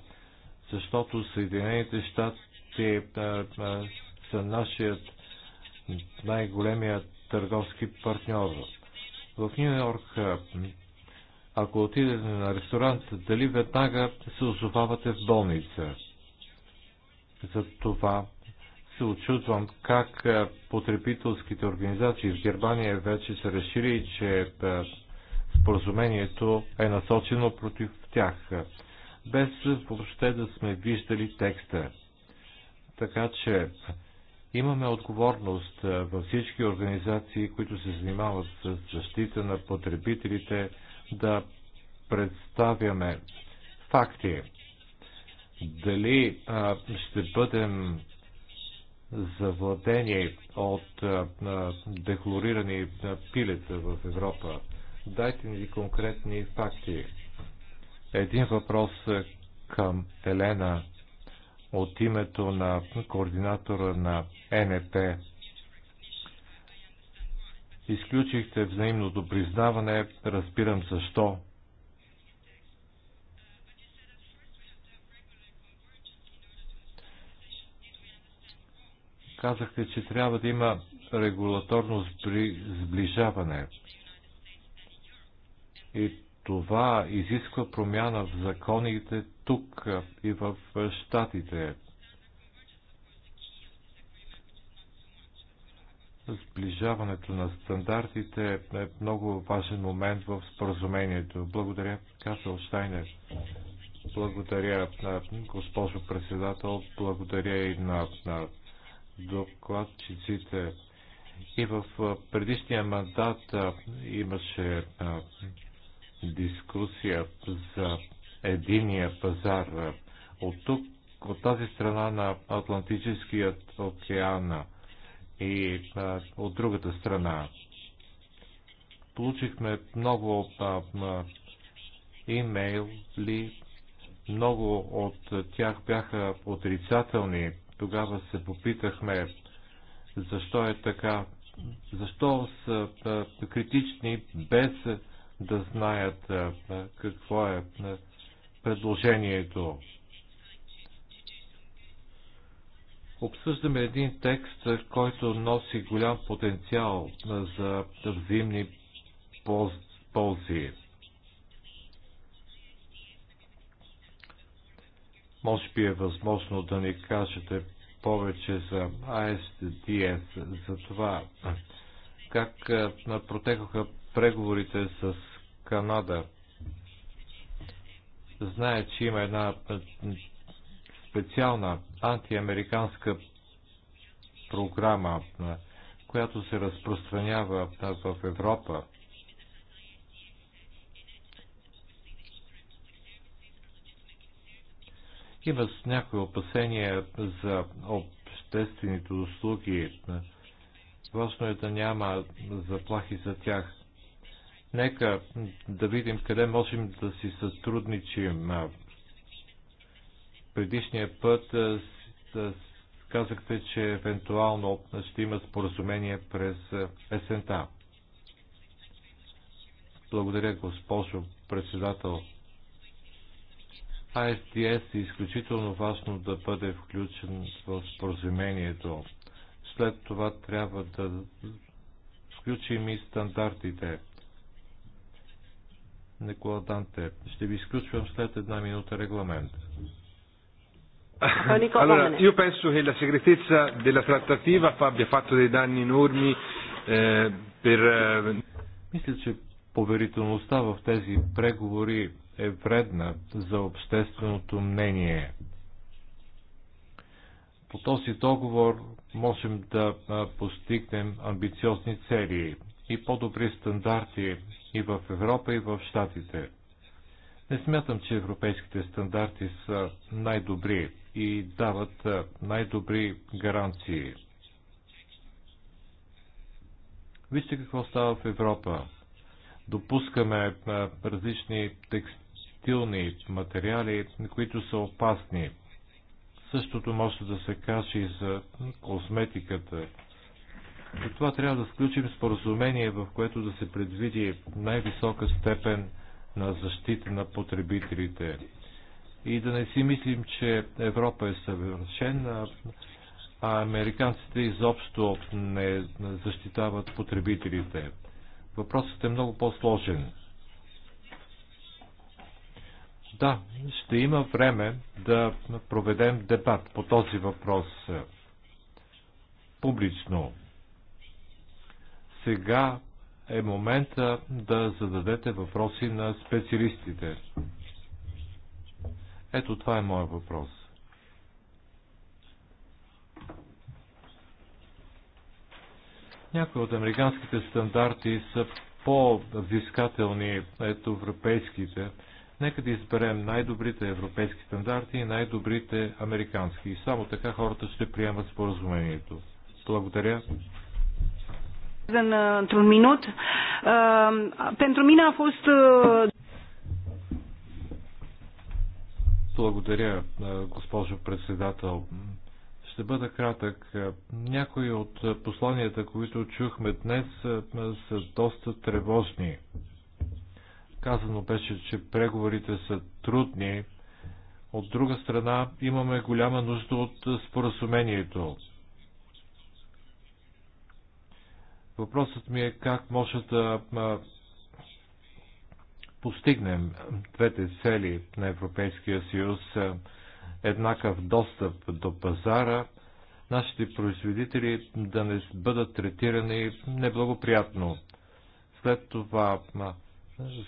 Speaker 1: защото Съединените щати са нашият най големият търговски партньор. В Нью Йорк, ако отидете на ресторант, дали веднага се озовавате в болница? За това се очудвам как потребителските организации в Германия вече са решили, че споразумението е насочено против тях, без въобще да сме виждали текста. Така че имаме отговорност във всички организации, които се занимават с защита на потребителите, да представяме факти. Дали а, ще бъдем завладени от а, а, декларирани пилета в Европа? Дайте ни конкретни факти. Един въпрос е, към Елена от името на координатора на НП. Изключихте взаимното признаване, разбирам защо. Казахте, че трябва да има регулаторно сближаване. И това изисква промяна в законите тук и в щатите. Сближаването на стандартите е много важен момент в споразумението. Благодаря, Касъл Штайнер. Благодаря, госпожо председател. Благодаря и на, на докладчиците. И в предишния мандат имаше дискусия за единия пазар. От тук, от тази страна на Атлантическият океан и а, от другата страна. Получихме много а, а, имейли, много от тях бяха отрицателни. Тогава се попитахме защо е така, защо са а, критични без да знаят какво е предложението. Обсъждаме един текст, който носи голям потенциал за взаимни ползи. Може би е възможно да ни кажете повече за ISDS, за това как протекоха преговорите с Канада. Знае, че има една специална антиамериканска програма, която се разпространява в Европа. Има с някои опасения за обществените услуги. Важно е да няма заплахи за тях. Нека да видим къде можем да си сътрудничим. Предишния път казахте, че евентуално ще има споразумение през есента. Благодаря, госпожо председател. АСТС е изключително важно да бъде включен в споразумението. След това трябва да включим и стандартите. Никола Данте. Ще ви изключвам след една минута регламент. Allora, io penso che la segretezza della trattativa abbia fatto dei danni enormi eh, per... Eh, Мисля, че поверителността в тези преговори е вредна за общественото мнение. По този договор можем да постигнем амбициозни цели и по-добри стандарти и в Европа, и в Штатите. Не смятам, че европейските стандарти са най-добри и дават най-добри гаранции. Вижте какво става в Европа. Допускаме различни текстилни материали, които са опасни. Същото може да се каже и за косметиката. Затова трябва да сключим споразумение, в което да се предвиди най-висока степен на защита на потребителите. И да не си мислим, че Европа е съвършена, а американците изобщо не защитават потребителите. Въпросът е много по-сложен. Да, ще има време да проведем дебат по този въпрос публично сега е момента да зададете въпроси на специалистите. Ето това е моят въпрос. Някои от американските стандарти са по-взискателни от европейските. Нека да изберем най-добрите европейски стандарти и най-добрите американски. И само така хората ще приемат споразумението. Благодаря.
Speaker 2: Într-un minut. Ehm, pentru mine a fost... Uh,
Speaker 1: Благодаря, е, госпожо председател. Ще бъда кратък. Някои от посланията, които чухме днес, е, са доста тревожни. Казано беше, че преговорите са трудни. От друга страна, имаме голяма нужда от споразумението. Въпросът ми е как може да постигнем двете цели на Европейския съюз еднакъв достъп до пазара, нашите производители да не бъдат третирани неблагоприятно. След това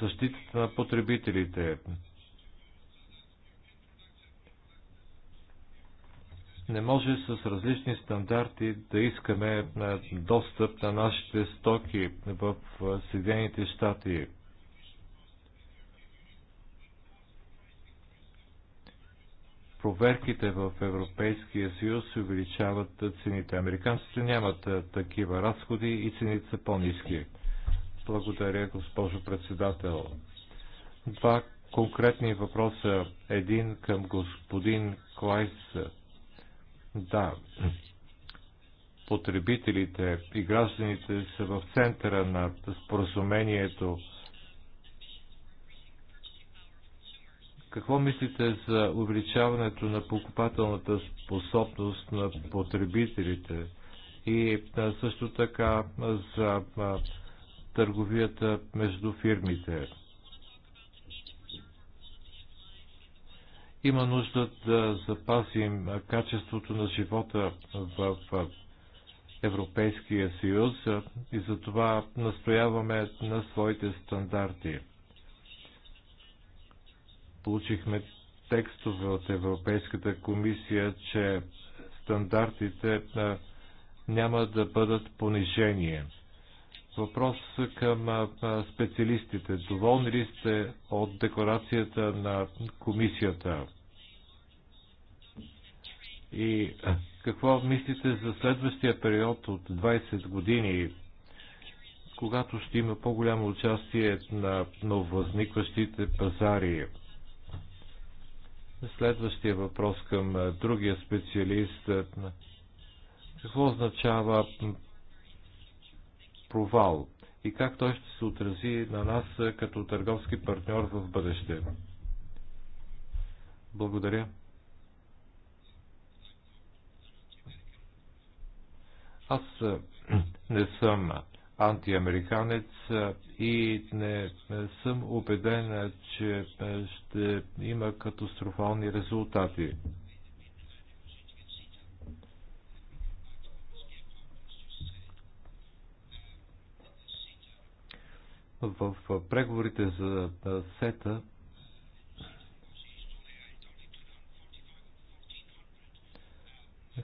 Speaker 1: защитата на потребителите, Не може с различни стандарти да искаме е, достъп на нашите стоки в е, Съединените щати. проверките в Европейския съюз увеличават е, цените. Американците нямат такива разходи и цените са по-низки. Благодаря, госпожо председател. Два конкретни въпроса. Един към господин Клайс. Да, потребителите и гражданите са в центъра на споразумението. Какво мислите за увеличаването на покупателната способност на потребителите и също така за търговията между фирмите? Има нужда да запазим качеството на живота в Европейския съюз и затова настояваме на своите стандарти. Получихме текстове от Европейската комисия, че стандартите няма да бъдат понижение. Въпрос към специалистите. Доволни ли сте от декларацията на комисията? И какво мислите за следващия период от 20 години, когато ще има по-голямо участие на нововъзникващите пазари? Следващия въпрос към другия специалист. Какво означава провал и как той ще се отрази на нас е, като търговски партньор в бъдеще. Благодаря. Аз е, не съм антиамериканец е, и не съм убеден, че ще има катастрофални резултати. в преговорите за сета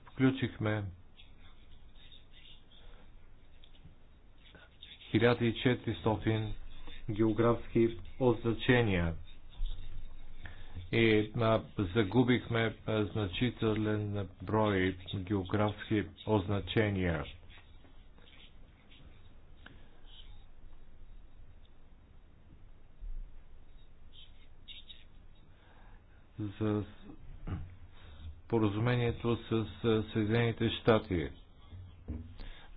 Speaker 1: включихме 1400 географски означения и а, загубихме а, значителен брой географски означения. за споразумението с Съединените щати.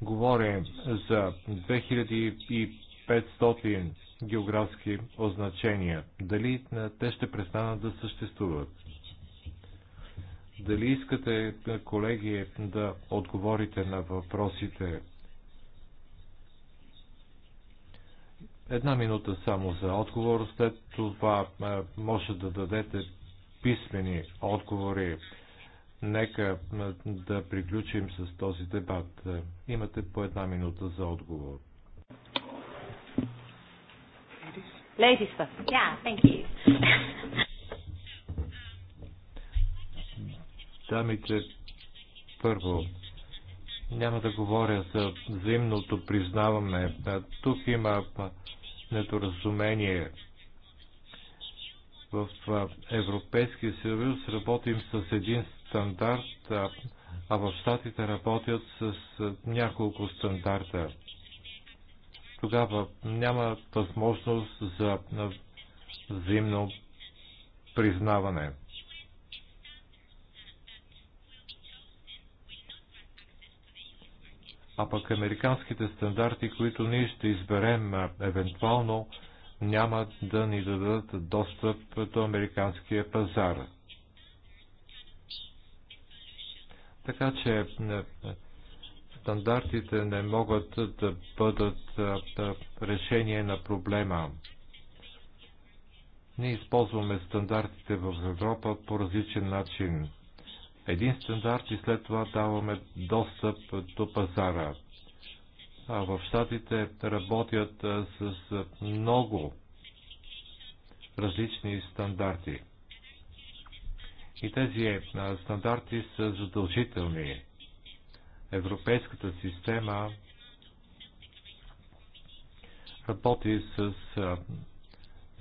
Speaker 1: Говорим за 2500 географски означения. Дали те ще престанат да съществуват? Дали искате, колеги, да отговорите на въпросите? Една минута само за отговор, след това е, може да дадете писмени отговори. Нека да приключим с този дебат. Имате по една минута за отговор. Дамите първо. Няма да говоря за взаимното признаване. Тук има недоразумение в Европейския съюз работим с един стандарт, а, в Штатите работят с няколко стандарта. Тогава няма възможност за взаимно признаване. А пък американските стандарти, които ние ще изберем евентуално, няма да ни дадат достъп до американския пазар. Така че е, е, стандартите не могат да бъдат е, решение на проблема. Ние използваме стандартите в Европа по различен начин. Един стандарт и след това даваме достъп до пазара в Штатите работят с много различни стандарти. И тези стандарти са задължителни. Европейската система работи с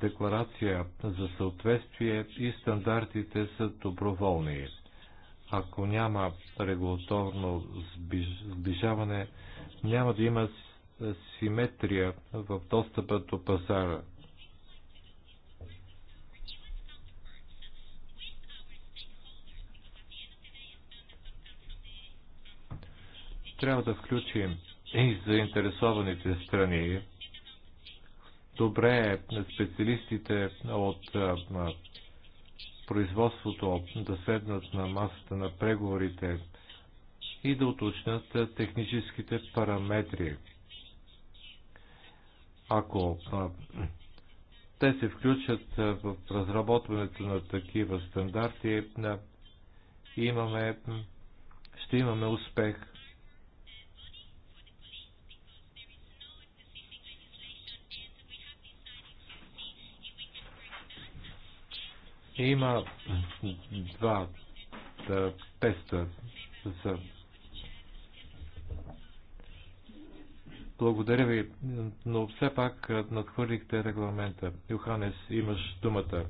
Speaker 1: декларация за съответствие и стандартите са доброволни. Ако няма регулаторно сближаване, няма да има симетрия в достъпа до пазара. Трябва да включим и заинтересованите страни. Добре е специалистите от производството да седнат на масата на преговорите и да уточнят техническите параметри. Ако те се включат в разработването на такива стандарти, имаме, ще имаме успех. Има два теста за Благодаря ви, но все пак надхвърлихте регламента. Йоханес, имаш думата.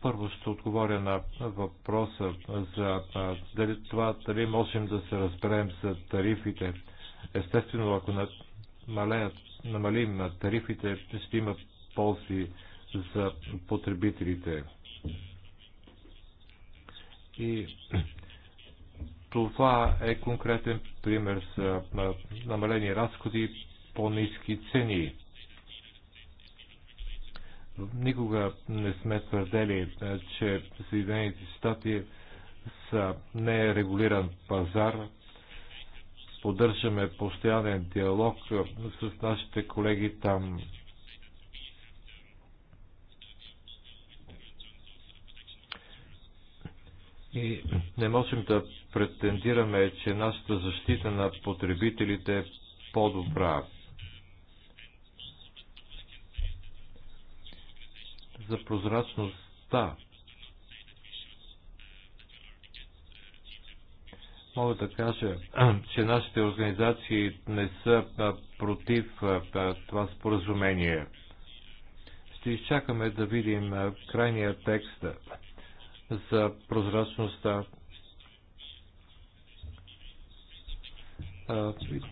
Speaker 1: Първо ще отговоря на въпроса за дали това дали можем да се разберем за тарифите. Естествено, ако намалеят, намалим тарифите, ще има ползи за потребителите. И това е конкретен пример за намалени разходи, по ниски цени. Никога не сме твърдели, че Съединените щати са нерегулиран е пазар. Поддържаме постоянен диалог с нашите колеги там. И не можем да претендираме, че нашата защита на потребителите е по-добра. За прозрачността. Мога да кажа, че нашите организации не са против това споразумение. Ще изчакаме да видим крайния текст за прозрачността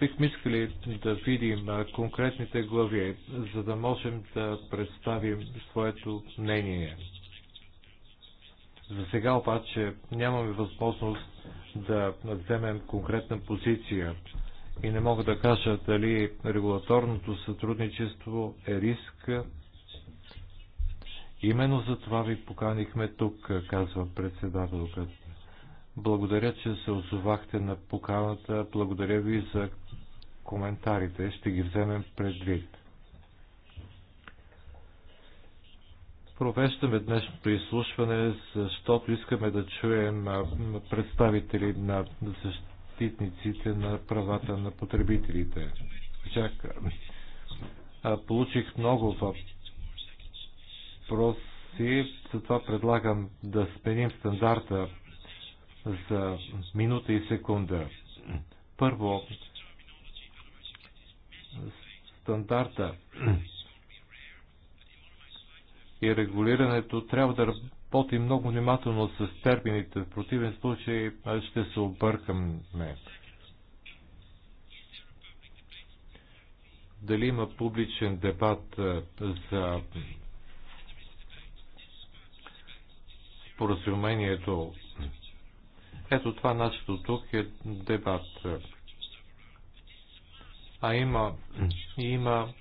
Speaker 1: бихме искали да видим конкретните глави, за да можем да представим своето мнение. За сега обаче нямаме възможност да вземем конкретна позиция и не мога да кажа дали регулаторното сътрудничество е риск. Именно за това ви поканихме тук, казва председателката. Благодаря, че се озовахте на поканата. Благодаря ви за коментарите. Ще ги вземем предвид. Провеждаме днешното изслушване, защото искаме да чуем представители на защитниците на правата на потребителите. Чак, получих много въпроси, затова предлагам да сменим стандарта за минута и секунда. Първо, стандарта и регулирането трябва да работи много внимателно с термините. В противен случай ще се объркаме. Дали има публичен дебат за споразумението ето това нашето тук е дебат. А има, има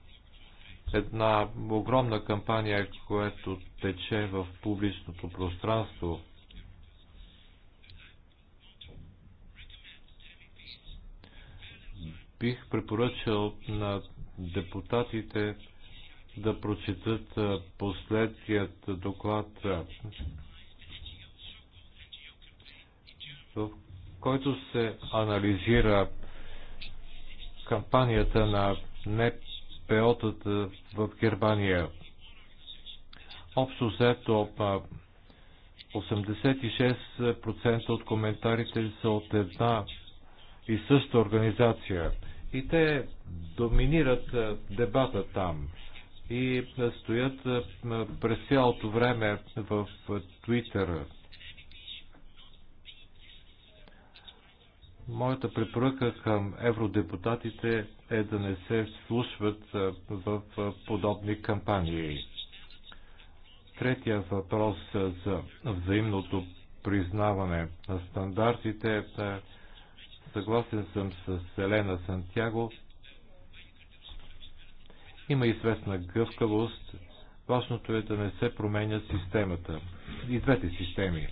Speaker 1: една огромна кампания, която тече в публичното пространство. Бих препоръчал на депутатите да прочитат последният доклад в който се анализира кампанията на НПО-тата в Германия. Общо взето 86% от коментарите са от една и съща организация. И те доминират дебата там и стоят през цялото време в Твитър Моята препоръка към евродепутатите е да не се вслушват в подобни кампании. Третия въпрос за взаимното признаване на стандартите. Съгласен съм с Елена Сантьяго. Има известна гъвкавост. Важното е да не се променя системата. И двете системи.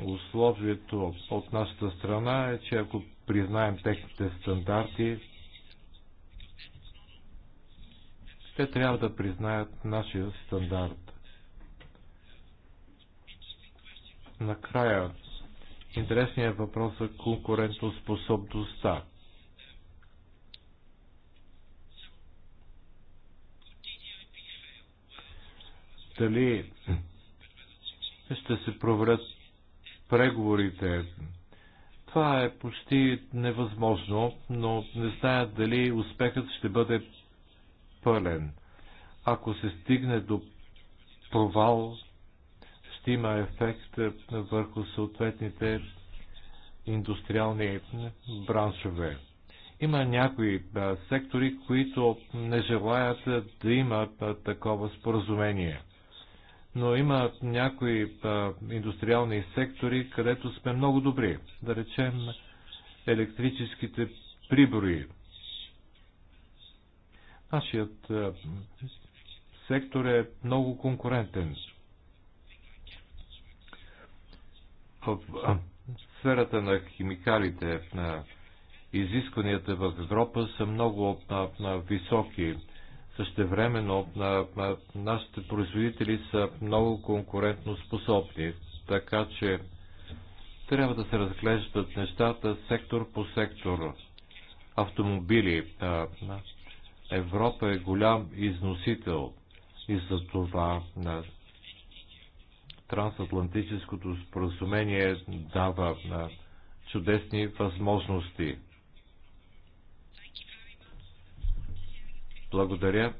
Speaker 1: Условието от нашата страна е, че ако признаем техните стандарти, те трябва да признаят нашия стандарт. Накрая, интересният въпрос за конкурентоспособността. Дали ще се проверят преговорите. Това е почти невъзможно, но не знаят дали успехът ще бъде пълен. Ако се стигне до провал, ще има ефект върху съответните индустриални браншове. Има някои сектори, които не желаят да имат такова споразумение но има някои а, индустриални сектори, където сме много добри. Да речем електрическите прибори. Нашият а, сектор е много конкурентен. В а, сферата на химикалите, на изискванията в Европа са много а, високи Същевременно на нашите производители са много конкурентно способни, така че трябва да се разглеждат нещата сектор по сектор. Автомобили. Европа е голям износител и за това на трансатлантическото споразумение дава на чудесни възможности. Благодаря.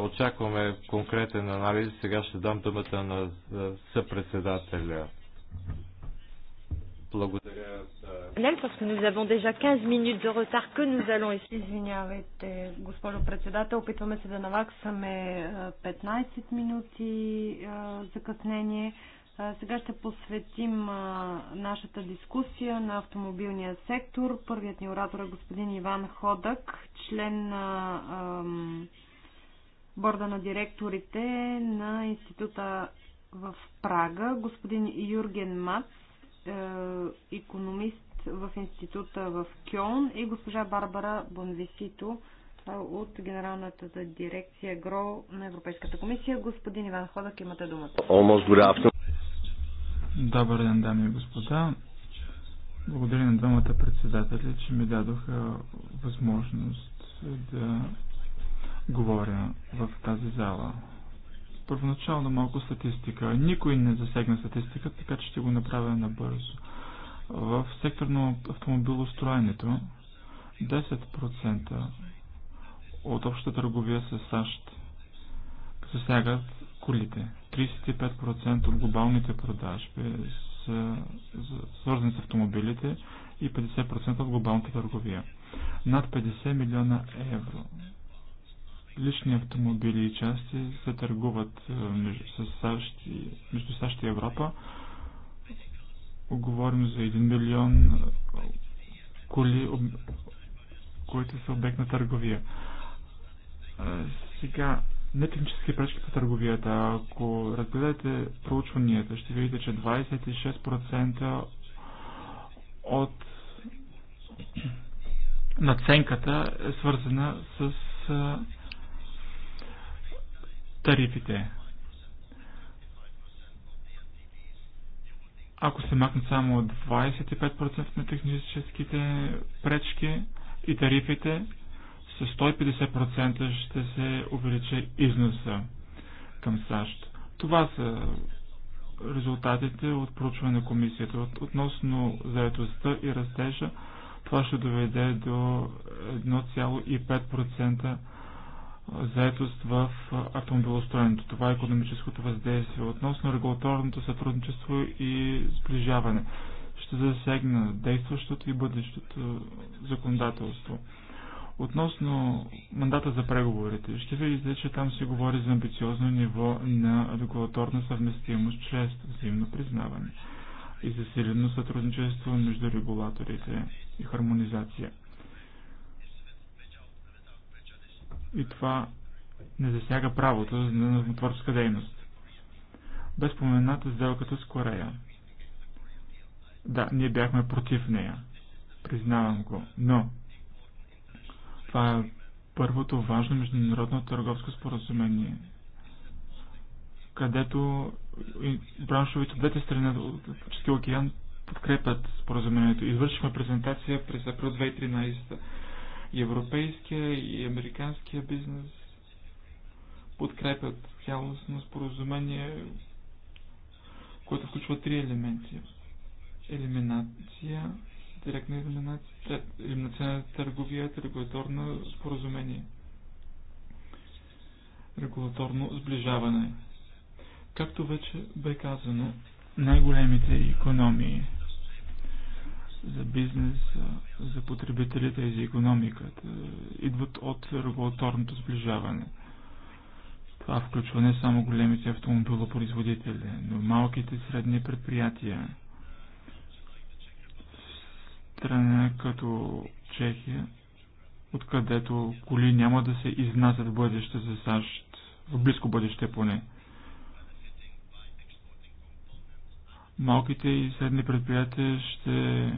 Speaker 1: Очакваме конкретен анализ. Сега ще дам думата на съпредседателя. Благодаря.
Speaker 2: Parce que nous avons déjà 15 minutes de retard que nous allons Извинявайте, госпожо председател, опитваме се да наваксаме 15 минути закъснение. Сега ще посветим нашата дискусия на автомобилния сектор. Първият ни оратор е господин Иван Ходък, член на борда на директорите на института в Прага. Господин Юрген Мац, економист в института в Кьон и госпожа Барбара Бонвисито е, от Генералната дирекция ГРО на Европейската комисия. Господин Иван Ходък, имате
Speaker 3: думата. Добър ден, дами и господа. Благодаря на двамата председатели, че ми дадоха възможност да говоря в тази зала. Първоначално малко статистика. Никой не засегна статистика, така че ще го направя набързо. В секторно на автомобилостроенето 10% от общата търговия с САЩ засягат колите. 35% от глобалните продажби са свързани с автомобилите и 50% от глобалната търговия. Над 50 милиона евро лични автомобили и части се търгуват е, между, САЩ и, между САЩ и Европа. Говорим за 1 милион е, коли, които са обект на търговия. Е, сега нетехнически пречки по търговията. Ако разгледате проучванията, ще видите, че 26% от наценката е свързана с тарифите. Ако се махнат само 25% на техническите пречки и тарифите, с 150% ще се увеличи износа към САЩ. Това са резултатите от проучване на комисията. Относно заедостта и растежа, това ще доведе до 1,5% заедост в автомобилостроенето. Това е економическото въздействие. Относно регулаторното сътрудничество и сближаване, ще засегна действащото и бъдещото законодателство. Относно мандата за преговорите, ще видите, че там се говори за амбициозно ниво на регулаторна съвместимост чрез взаимно признаване и засилено сътрудничество между регулаторите и хармонизация. И това не засяга правото на творческа дейност. Без спомената сделката с Корея. Да, ние бяхме против нея. Признавам го. Но това е първото важно международно търговско споразумение, където браншовите двете страни от Честил океан подкрепят споразумението. Извършихме презентация през април 2013. И европейския и американския бизнес подкрепят цялостно споразумение, което включва три елементи. Елиминация, директна елиминация, е, елиминация на търговията, регулаторно споразумение, регулаторно сближаване. Както вече бе казано, най-големите економии за бизнес, за потребителите и за економиката е, идват от регулаторното сближаване. Това включва не само големите автомобилопроизводители, но малките и средни предприятия, страна като Чехия, откъдето коли няма да се изнасят в бъдеще за САЩ, в близко бъдеще поне. Малките и средни предприятия ще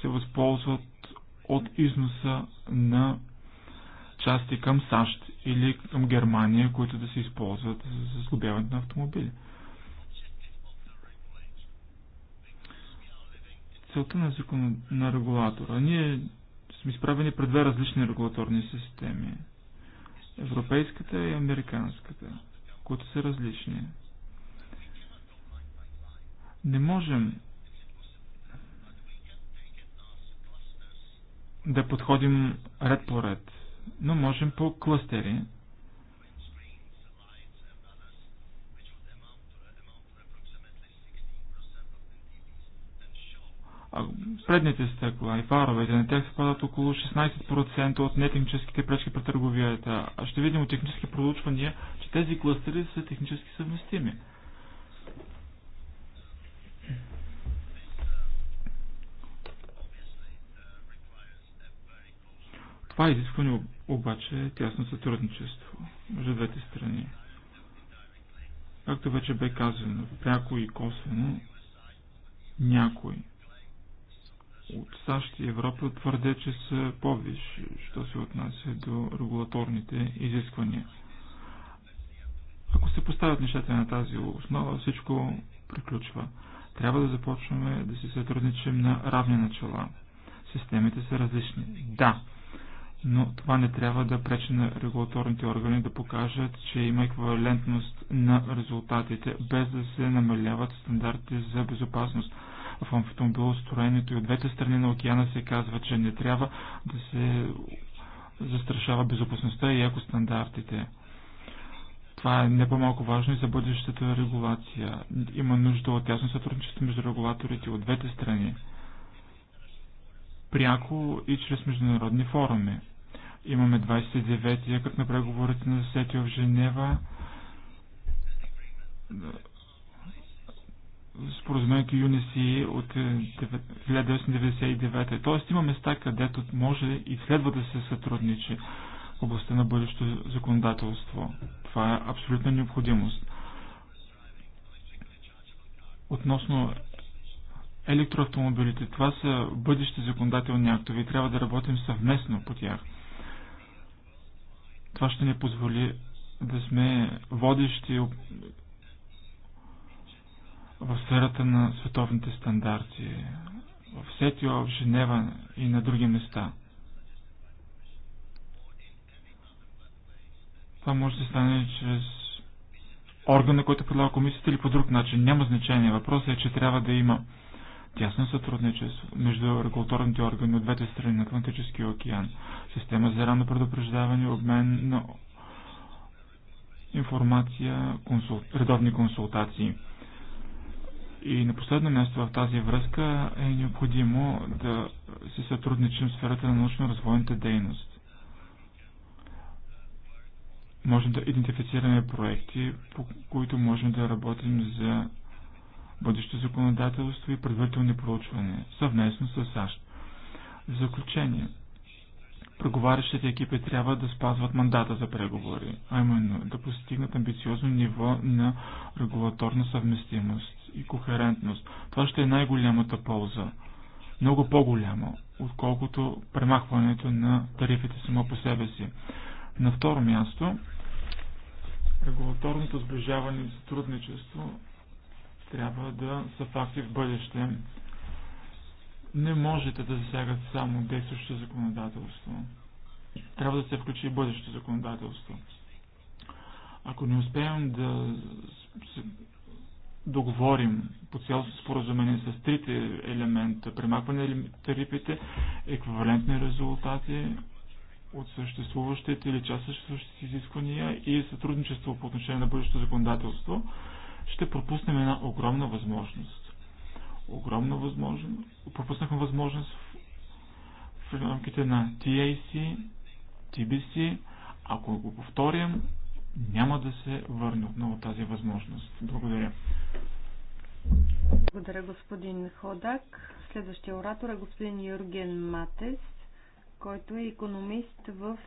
Speaker 3: се възползват от износа на части към САЩ или към Германия, които да се използват за сглобяването на автомобили. целта на, закон... на регулатора. Ние сме изправени пред две различни регулаторни системи. Европейската и американската, които са различни. Не можем да подходим ред по ред, но можем по кластери предните стъкла и фаровете, на тях спадат около 16% от нетехническите пречки при търговията. А ще видим от технически проучвания, че тези кластери са технически съвместими. Това изискване обаче е тясно сътрудничество между двете страни. Както вече бе казано, пряко и косвено, някои от САЩ и Европа твърде, че са повиш, що се отнася до регулаторните изисквания. Ако се поставят нещата на тази основа, всичко приключва. Трябва да започваме да се сътрудничим на равни начала. Системите са различни. Да, но това не трябва да пречи на регулаторните органи да покажат, че има еквивалентност на резултатите, без да се намаляват стандарти за безопасност – в автомобилостроенето и от двете страни на океана се казва, че не трябва да се застрашава безопасността и екостандартите. Това е не по-малко важно и за бъдещата регулация. Има нужда от ясно сътрудничество между регулаторите от двете страни, пряко и чрез международни форуми. Имаме 29-я кръг на преговорите на СЕТИО в Женева, споразумението ЮНЕСИ от 1999. Е, Тоест има места, където може и следва да се сътрудничи в областта на бъдещето законодателство. Това е абсолютна необходимост. Относно електроавтомобилите, това са бъдещи законодателни актове и трябва да работим съвместно по тях. Това ще ни позволи да сме водещи в сферата на световните стандарти, в Сетио, в Женева и на други места. Това може да стане чрез органа, който предлага комисията или по друг начин. Няма значение. Въпросът е, че трябва да има тясно сътрудничество между регулаторните органи от двете страни на Атлантическия океан, система за ранно предупреждаване, обмен на информация, консул... редовни консултации. И на последно място в тази връзка е необходимо да се сътрудничим в сферата на научно-развойната дейност. Можем да идентифицираме проекти, по които можем да работим за бъдещо законодателство и предварителни проучвания, съвместно с САЩ. В заключение, преговарящите екипи трябва да спазват мандата за преговори, а именно да постигнат амбициозно ниво на регулаторна съвместимост и кохерентност. Това ще е най-голямата полза. Много по-голяма, отколкото премахването на тарифите само по себе си. На второ място, регулаторното сближаване и сътрудничество трябва да са факти в бъдеще. Не можете да засягат само действащото законодателство. Трябва да се включи и бъдещето законодателство. Ако не успеем да договорим по цялото споразумение с трите елемента, премакване на тарифите, еквивалентни резултати от съществуващите или част съществуващите изисквания и сътрудничество по отношение на бъдещето законодателство, ще пропуснем една огромна възможност. Огромна възможност. Пропуснахме възможност в рамките на TAC, TBC. Ако го повторим, няма да се върне отново тази възможност. Благодаря.
Speaker 2: Благодаря, господин Ходак. Следващия оратор е господин Юрген Матес, който е економист в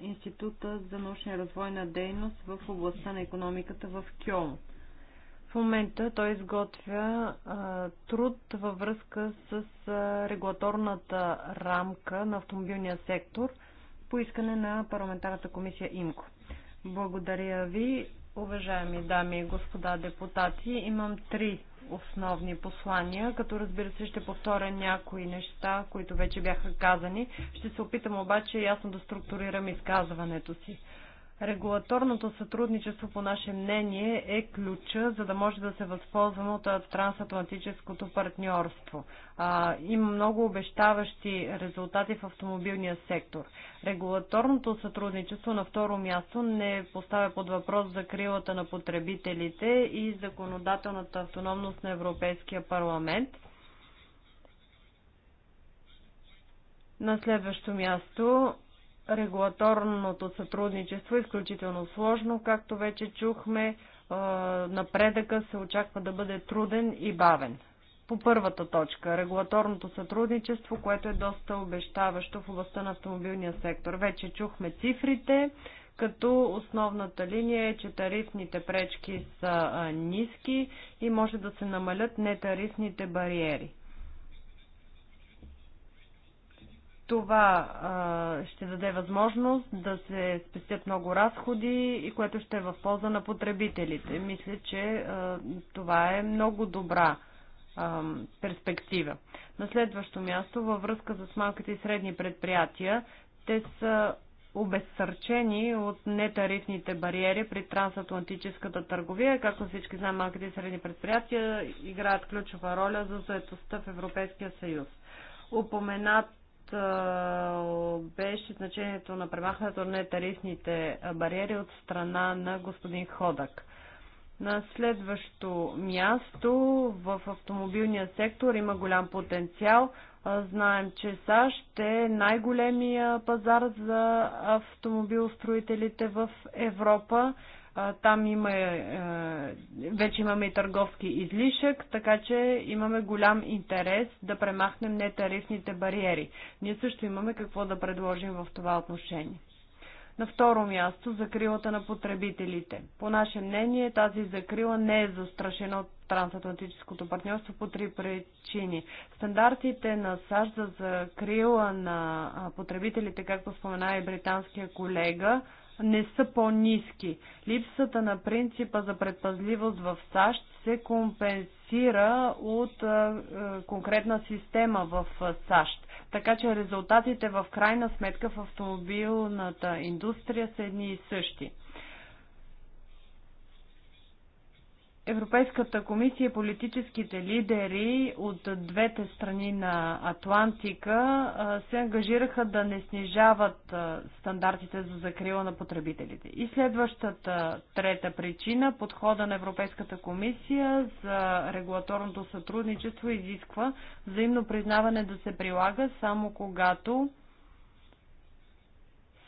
Speaker 2: Института за научна и развойна дейност в областта на економиката в Кьом. В момента той изготвя а, труд във връзка с а, регулаторната рамка на автомобилния сектор по искане на парламентарната комисия ИМКО. Благодаря ви, уважаеми дами и господа депутати. Имам три основни послания, като разбира се ще повторя някои неща, които вече бяха казани. Ще се опитам обаче ясно да структурирам изказването си. Регулаторното сътрудничество, по наше мнение, е ключа, за да може да се възползваме от трансатлантическото партньорство. А, има много обещаващи резултати в автомобилния сектор. Регулаторното сътрудничество на второ място не поставя под въпрос за крилата на потребителите и законодателната автономност на Европейския парламент. На следващо място Регулаторното сътрудничество е изключително сложно, както вече чухме. Напредъка се очаква да бъде труден и бавен. По първата точка, регулаторното сътрудничество, което е доста обещаващо в областта на автомобилния сектор. Вече чухме цифрите, като основната линия е, че тарифните пречки са ниски и може да се намалят нетарифните бариери. Това а, ще даде възможност да се спестят много разходи и което ще е в полза на потребителите. Мисля, че а, това е много добра а, перспектива. На следващо място, във връзка с малките и средни предприятия, те са обезсърчени от нетарифните бариери при трансатлантическата търговия. Както всички знаем, малките и средни предприятия играят ключова роля за заедостта в Европейския съюз. Упоменат беше значението на премахването на тарифните бариери от страна на господин Ходак. На следващо място в автомобилния сектор има голям потенциал. Знаем, че САЩ е най-големия пазар за автомобилостроителите в Европа. Там има, е, е, вече имаме и търговски излишък, така че имаме голям интерес да премахнем нетарифните бариери. Ние също имаме какво да предложим в това отношение. На второ място, закрилата на потребителите. По наше мнение, тази закрила не е застрашена от трансатлантическото партньорство по три причини. Стандартите на САЩ за закрила на потребителите, както спомена и британския колега, не са по-низки. Липсата на принципа за предпазливост в САЩ се компенсира от конкретна система в САЩ. Така че резултатите в крайна сметка в автомобилната индустрия са едни и същи. Европейската комисия и политическите лидери от двете страни на Атлантика се ангажираха да не снижават стандартите за закрила на потребителите. И следващата трета причина, подхода на Европейската комисия за регулаторното сътрудничество изисква взаимно признаване да се прилага само когато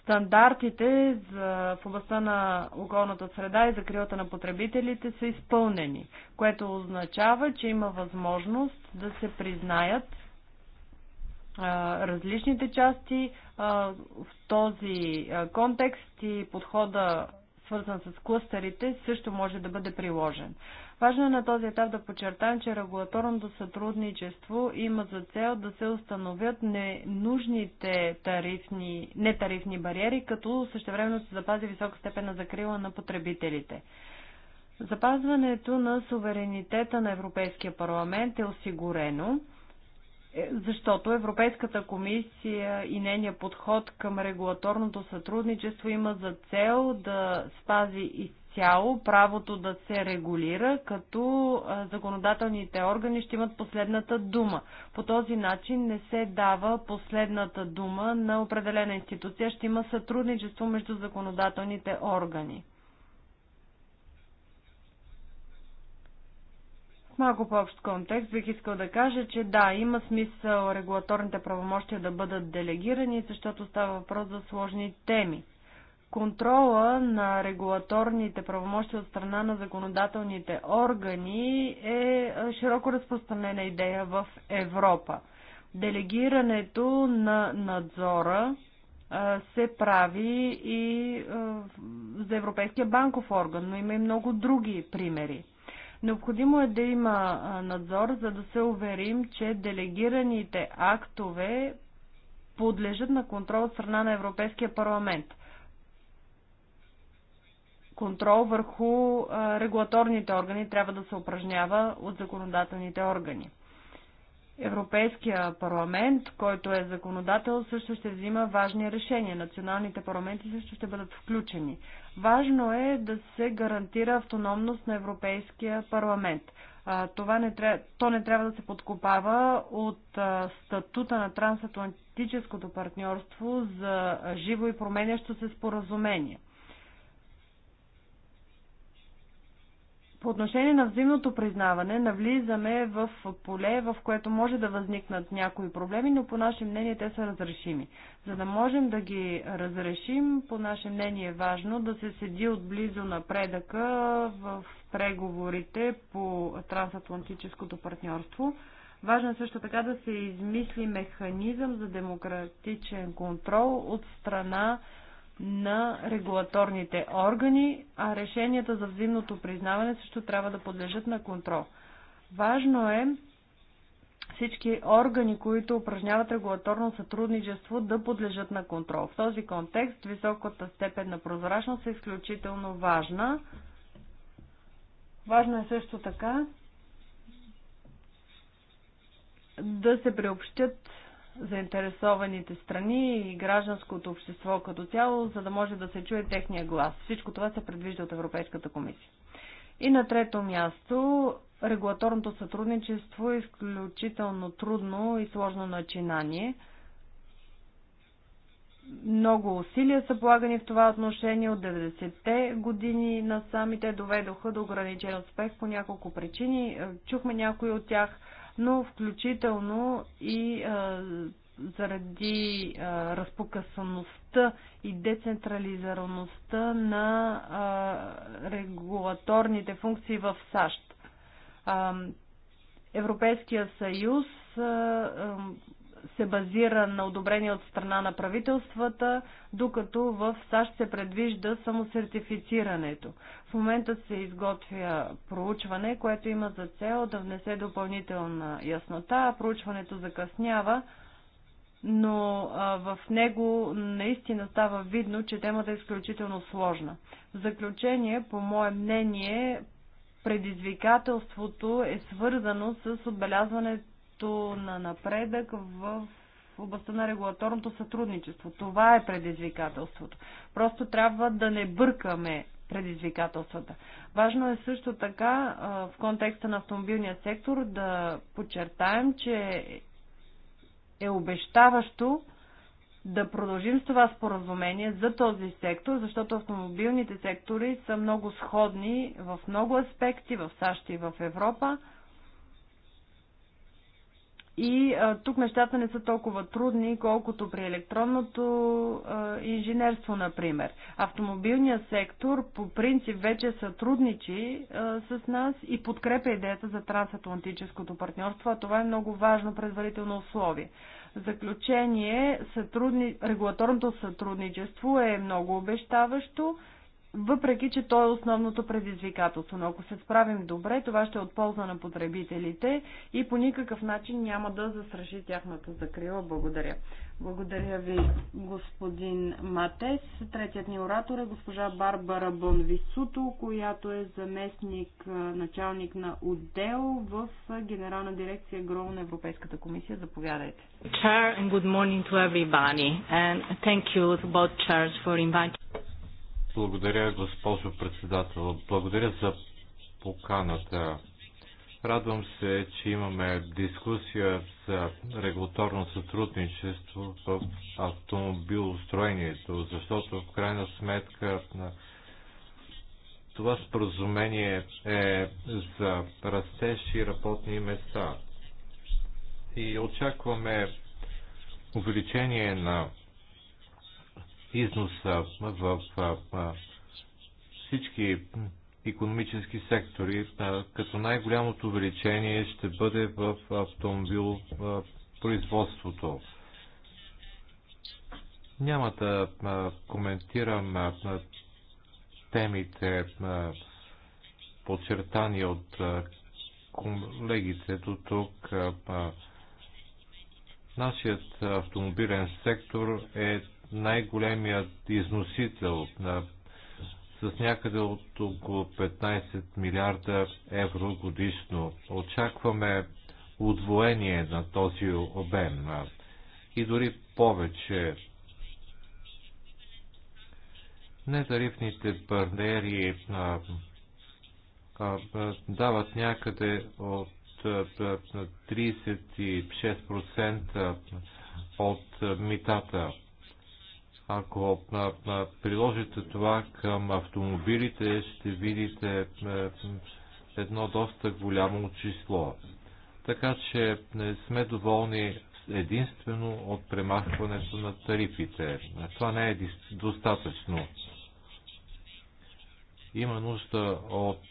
Speaker 2: стандартите за, в областта на околната среда и закрилата на потребителите са изпълнени, което означава, че има възможност да се признаят различните части в този контекст и подхода свързан с клъстерите, също може да бъде приложен. Важно е на този етап да подчертаем, че регулаторното сътрудничество има за цел да се установят ненужните тарифни, нетарифни бариери, като същевременно се запази висока степен на закрила на потребителите. Запазването на суверенитета на Европейския парламент е осигурено, е, защото Европейската комисия и нейният подход към регулаторното сътрудничество има за цел да спази и цяло правото да се регулира, като законодателните органи ще имат последната дума. По този начин не се дава последната дума на определена институция, ще има сътрудничество между законодателните органи. малко по-общ контекст бих искал да кажа, че да, има смисъл регулаторните правомощия да бъдат делегирани, защото става въпрос за сложни теми контрола на регулаторните правомощия от страна на законодателните органи е, е широко разпространена идея в Европа. Делегирането на надзора е, се прави и е, за Европейския банков орган, но има и много други примери. Необходимо е да има надзор, за да се уверим, че делегираните актове подлежат на контрол от страна на Европейския парламент – контрол върху регулаторните органи трябва да се упражнява от законодателните органи. Европейския парламент, който е законодател, също ще взима важни решения. Националните парламенти също ще бъдат включени. Важно е да се гарантира автономност на Европейския парламент. Това не трябва, то не трябва да се подкопава от статута на трансатлантическото партньорство за живо и променящо се споразумение. По отношение на взаимното признаване, навлизаме в поле, в което може да възникнат някои проблеми, но по наше мнение те са разрешими. За да можем да ги разрешим, по наше мнение е важно да се седи отблизо на предъка в преговорите по трансатлантическото партньорство. Важно е също така да се измисли механизъм за демократичен контрол от страна на регулаторните органи, а решенията за взаимното признаване също трябва да подлежат на контрол. Важно е всички органи, които упражняват регулаторно сътрудничество, да подлежат на контрол. В този контекст високата степен на прозрачност е изключително важна. Важно е също така да се приобщят заинтересованите страни и гражданското общество като цяло, за да може да се чуе техния глас. Всичко това се предвижда от Европейската комисия. И на трето място, регулаторното сътрудничество е изключително трудно и сложно начинание. Много усилия са полагани в това отношение от 90-те години на самите доведоха до ограничен успех по няколко причини. Чухме някои от тях – но включително и заради а, разпокъсаността и децентрализираността на а, регулаторните функции в САЩ. А, Европейския съюз а, а, се базира на одобрение от страна на правителствата, докато в САЩ се предвижда само сертифицирането. В момента се изготвя проучване, което има за цел да внесе допълнителна яснота. Проучването закъснява, но в него наистина става видно, че темата е изключително сложна. В заключение, по мое мнение, предизвикателството е свързано с отбелязването нещо на напредък в областта на регулаторното сътрудничество. Това е предизвикателството. Просто трябва да не бъркаме предизвикателствата. Важно е също така в контекста на автомобилния сектор да подчертаем, че е обещаващо да продължим с това споразумение за този сектор, защото автомобилните сектори са много сходни в много аспекти в САЩ и в Европа. И а, тук нещата не са толкова трудни, колкото при електронното а, инженерство, например. Автомобилният сектор по принцип вече сътрудничи а, с нас и подкрепя идеята за трансатлантическото партньорство, а това е много важно предварително условие. заключение, сътрудни... регулаторното сътрудничество е много обещаващо въпреки че то е основното предизвикателство. Но ако се справим добре, това ще е от полза на потребителите и по никакъв начин няма да засраши тяхната закрила. Благодаря. Благодаря ви, господин Матес. Третият ни оратор е госпожа Барбара Бонвисуто, която е заместник началник на отдел в Генерална дирекция ГРО на Европейската комисия. Заповядайте. Chair and good morning to everybody and thank you to both chairs for inviting
Speaker 1: благодаря, госпожо председател. Благодаря за поканата. Радвам се, че имаме дискусия за регулаторно сътрудничество в автомобилостроението, защото в крайна сметка това споразумение е за растеж и работни места. И очакваме увеличение на износа в всички економически сектори, като най-голямото увеличение ще бъде в автомобилопроизводството. Няма да коментирам темите, подчертани от колегите до тук. Нашият автомобилен сектор е най-големият износител на с някъде от около 15 милиарда евро годишно. Очакваме удвоение на този обем и дори повече. Нетарифните бариери дават някъде от 36% от митата ако приложите това към автомобилите, ще видите едно доста голямо число. Така че не сме доволни единствено от премахването на тарифите. Това не е достатъчно. Има нужда от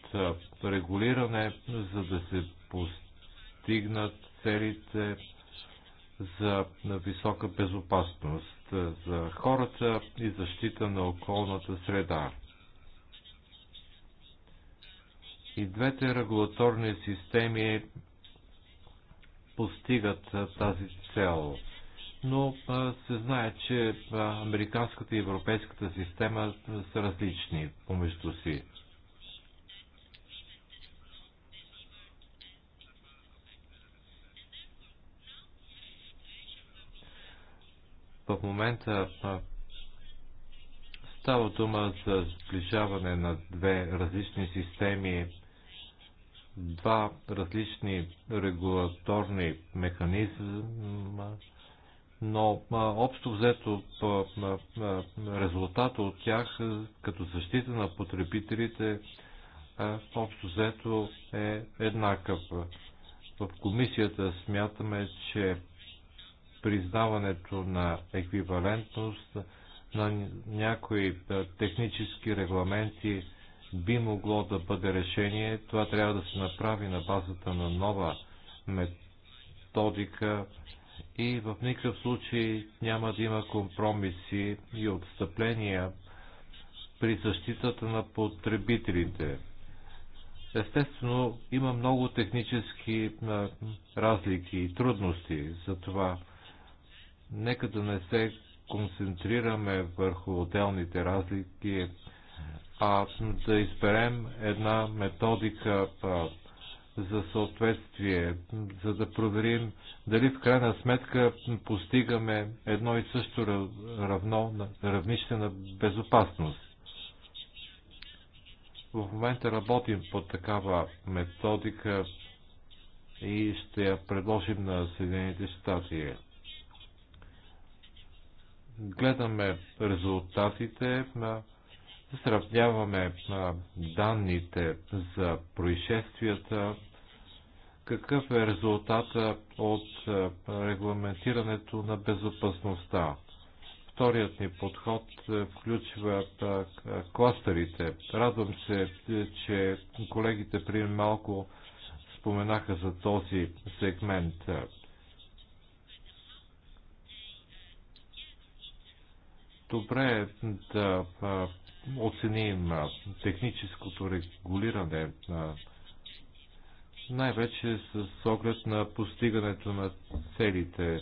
Speaker 1: регулиране, за да се постигнат целите за висока безопасност за хората и защита на околната среда. И двете регулаторни системи постигат тази цел. Но се знае, че американската и европейската система са различни помежду си. В момента става дума за сближаване на две различни системи, два различни регулаторни механизма, но общо взето резултата от тях като защита на потребителите общо взето е еднакъв. В комисията смятаме, че признаването на еквивалентност на някои технически регламенти би могло да бъде решение. Това трябва да се направи на базата на нова методика и в никакъв случай няма да има компромиси и отстъпления при защитата на потребителите. Естествено, има много технически разлики и трудности, за това. Нека да не се концентрираме върху отделните разлики, а да изберем една методика за съответствие, за да проверим дали в крайна сметка постигаме едно и също равно равнище на безопасност. В момента работим по такава методика и ще я предложим на Съединените щати гледаме резултатите, сравняваме данните за происшествията, какъв е резултата от регламентирането на безопасността. Вторият ни подход включва кластерите. Радвам се, че колегите при малко споменаха за този сегмент добре е да оценим техническото регулиране на най-вече с оглед на постигането на целите.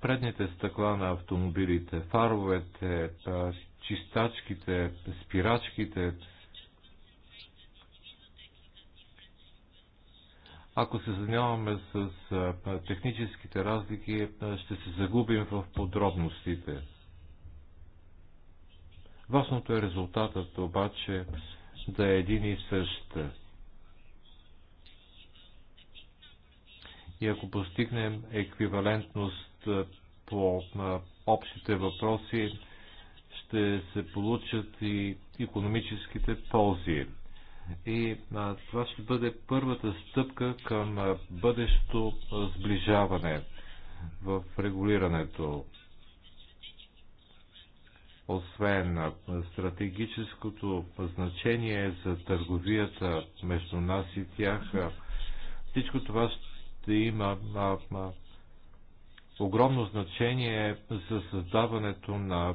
Speaker 1: Предните стъкла на автомобилите, фаровете, чистачките, спирачките. Ако се занимаваме с техническите разлики, ще се загубим в подробностите. Важното е резултатът обаче да е един и същ. И ако постигнем еквивалентност по общите въпроси, ще се получат и економическите ползи. И а, това ще бъде първата стъпка към а, бъдещо сближаване в регулирането. Освен на стратегическото значение за търговията между нас и тях, а, всичко това ще има а, а, огромно значение за създаването на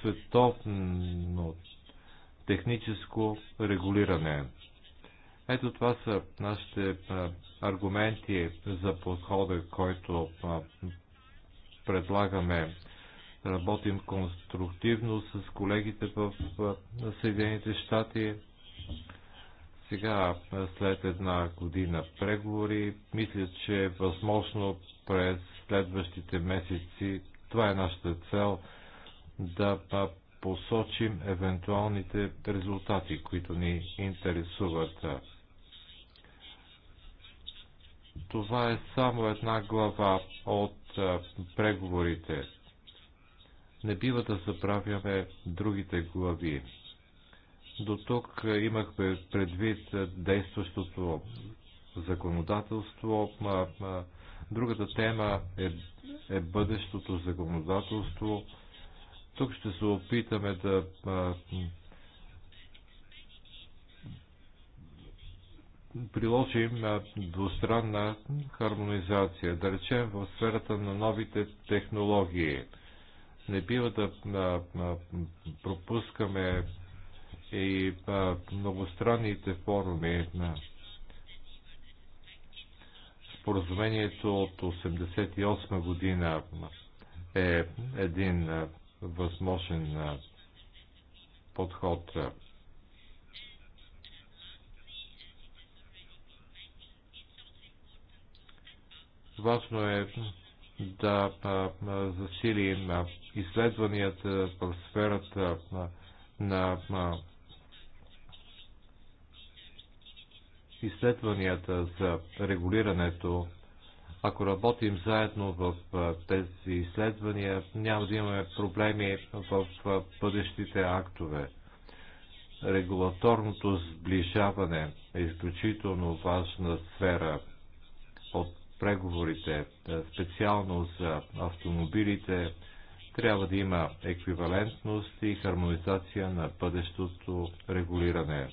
Speaker 1: световно техническо регулиране. Ето това са нашите аргументи за подхода, който предлагаме. Работим конструктивно с колегите в Съединените щати. Сега, след една година преговори, мисля, че е възможно през следващите месеци. Това е нашата цел – да посочим евентуалните резултати, които ни интересуват. Това е само една глава от преговорите. Не бива да забравяме другите глави. До тук имахме предвид действащото законодателство. Другата тема е, е бъдещото законодателство тук ще се опитаме да приложим двустранна хармонизация, да речем в сферата на новите технологии. Не бива да пропускаме и многостранните форуми. Споразумението от 1988 година е един възможен подход. Важно е да засилим изследванията в сферата на изследванията за регулирането ако работим заедно в тези изследвания, няма да имаме проблеми в бъдещите актове. Регулаторното сближаване е изключително важна сфера от преговорите, специално за автомобилите, трябва да има еквивалентност и хармонизация на бъдещото регулиране.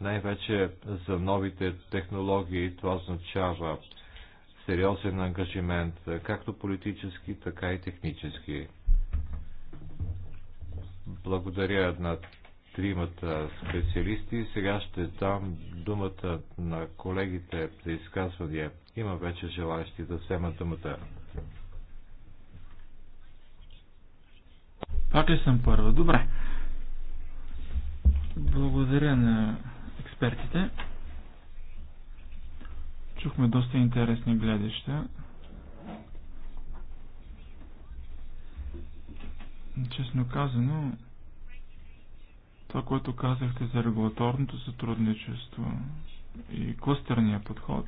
Speaker 1: Най-вече за новите технологии това означава сериозен ангажимент, както политически, така и технически. Благодаря на тримата специалисти. Сега ще дам думата на колегите за изказвания. Има вече желащи да вземат думата.
Speaker 3: Пак ли съм първа? Добре. Благодаря на експертите. Чухме доста интересни гледаща. Честно казано, това, което казахте за регулаторното сътрудничество и кластерния подход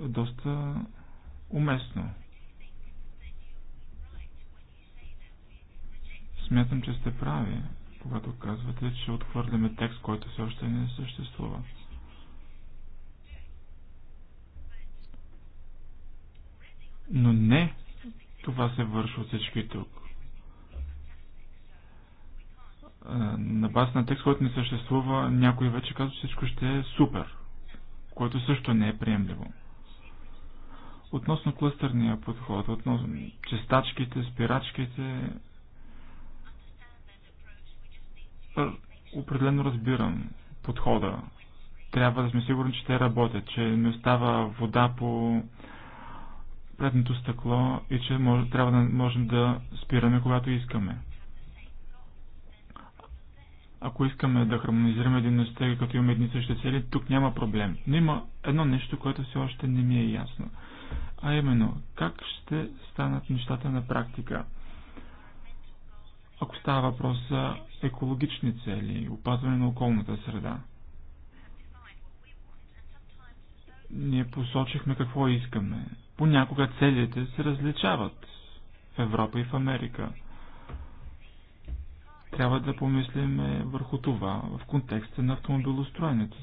Speaker 3: е доста уместно. Смятам, че сте прави, когато казвате, че отхвърляме текст, който все още не съществува. Но не това се върши от всички тук. На база на текст, който не съществува, някой вече казва, че всичко ще е супер, което също не е приемливо. Относно клъстърния подход, относно чистачките, спирачките, определено разбирам подхода. Трябва да сме сигурни, че те работят, че не остава вода по предното стъкло и че може, трябва да можем да спираме, когато искаме. Ако искаме да хармонизираме дейността, като имаме едни същи цели, тук няма проблем. Но има едно нещо, което все още не ми е ясно. А именно, как ще станат нещата на практика? Ако става въпрос за екологични цели, опазване на околната среда, ние посочихме какво искаме понякога целите се различават в Европа и в Америка. Трябва да помислим върху това в контекста на автомобилостроенето.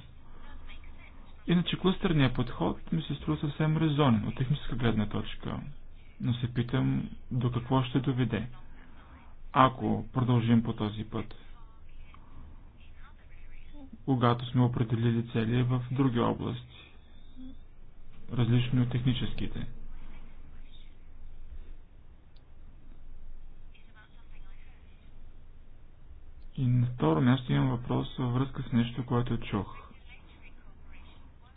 Speaker 3: Иначе кластърният подход ми се струва съвсем резонен от техническа гледна точка, но се питам до какво ще доведе, ако продължим по този път когато сме определили цели в други области различни от техническите. И на второ място имам въпрос във връзка с нещо, което чух.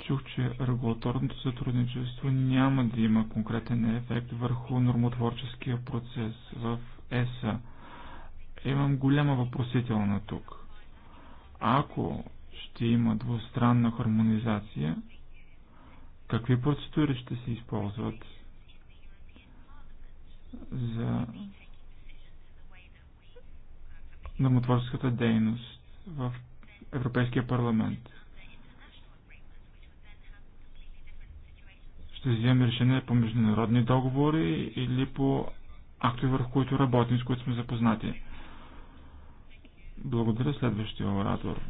Speaker 3: Чух, че регулаторното сътрудничество няма да има конкретен ефект върху нормотворческия процес в ЕСА. Имам голяма въпросителна тук. Ако ще има двустранна хармонизация, Какви процедури ще се използват за нормотворческата дейност в Европейския парламент? Ще вземем решение по международни договори или по актове, върху които работим, с които сме запознати. Благодаря следващия оратор.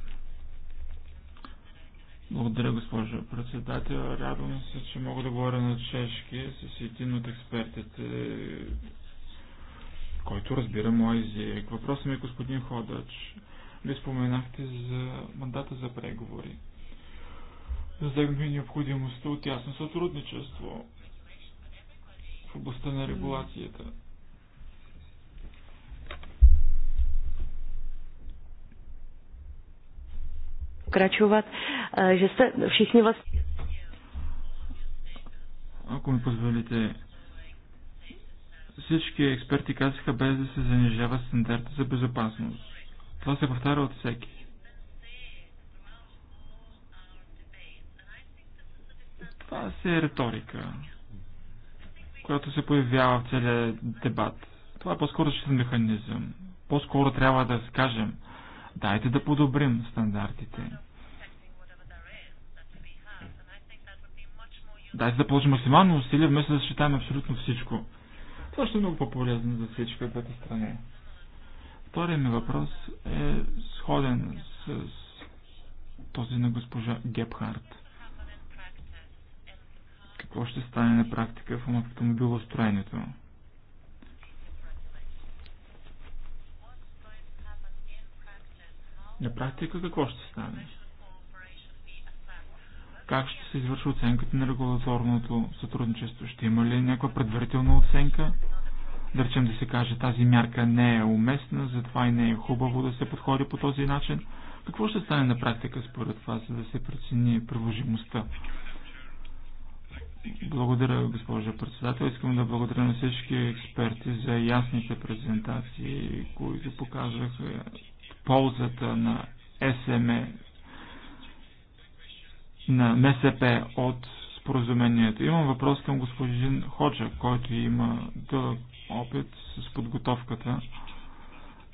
Speaker 3: Благодаря, госпожо председател. Радвам се, че мога да говоря на чешки с един от експертите, който разбира мой език. Въпросът ми е господин Ходач. Ви споменахте за мандата за преговори. Засегнахме необходимостта от ясно сътрудничество в областта на регулацията.
Speaker 2: pokračovat, e, že jste všichni vlastně...
Speaker 3: Ако ми позволите, всички експерти казаха без да се занижава стандарта за безопасност. Това се повтаря от всеки. Това си е риторика, която се появява в целия дебат. Това е по-скоро защитен механизъм. По-скоро трябва да скажем, Дайте да подобрим стандартите. Дайте да положим максимално усилия, вместо да защитаваме абсолютно всичко. Това ще е много по-полезно за всички от двете страни. Вторият ми въпрос е сходен с този на госпожа Гепхарт. Какво ще стане на практика в автомобилостроението? строението? На практика какво ще стане? Как ще се извърши оценката на регулаторното сътрудничество? Ще има ли някаква предварителна оценка? Да речем да се каже, тази мярка не е уместна, затова и не е хубаво да се подходи по този начин. Какво ще стане на практика според вас, за да се прецени приложимостта? Благодаря, госпожа председател. Искам да благодаря на всички експерти за ясните презентации, които показаха ползата на СМЕ на МСП от споразумението. Имам въпрос към господин Ходжа, който има дълъг опит с подготовката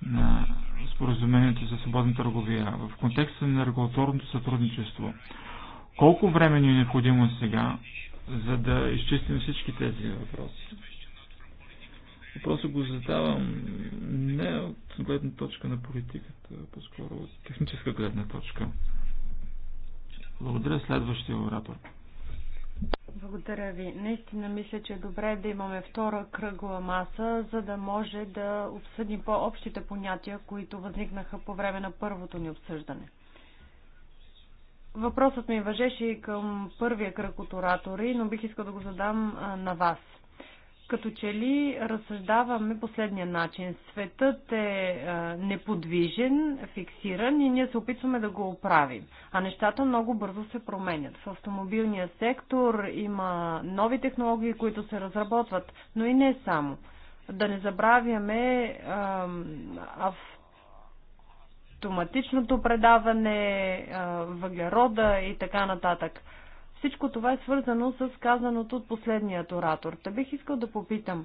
Speaker 3: на споразумението за свободна търговия в контекста на регулаторното сътрудничество. Колко време ни е необходимо сега, за да изчистим всички тези въпроси? Въпросът го задавам не от гледна точка на политиката, а по-скоро от техническа гледна точка. Благодаря следващия оратор.
Speaker 2: Благодаря ви. Наистина мисля, че е добре да имаме втора кръгла маса, за да може да обсъдим по-общите понятия, които възникнаха по време на първото ни обсъждане. Въпросът ми въжеше и към първия кръг от оратори, но бих искал да го задам на вас – като че ли разсъждаваме последния начин. Светът е неподвижен, фиксиран и ние се опитваме да го оправим. А нещата много бързо се променят. В автомобилния сектор има нови технологии, които се разработват, но и не само. Да не забравяме автоматичното предаване, въглерода и така нататък. Всичко това е свързано с казаното от последният оратор. Та бих искал да попитам,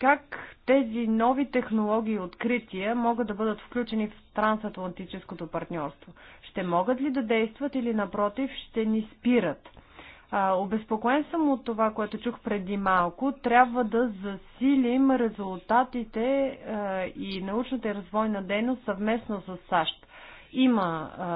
Speaker 2: как тези нови технологии и открития могат да бъдат включени в трансатлантическото партньорство? Ще могат ли да действат или напротив ще ни спират? А, обезпокоен съм от това, което чух преди малко. Трябва да засилим резултатите а, и научната и развойна дейност съвместно с САЩ. Има а,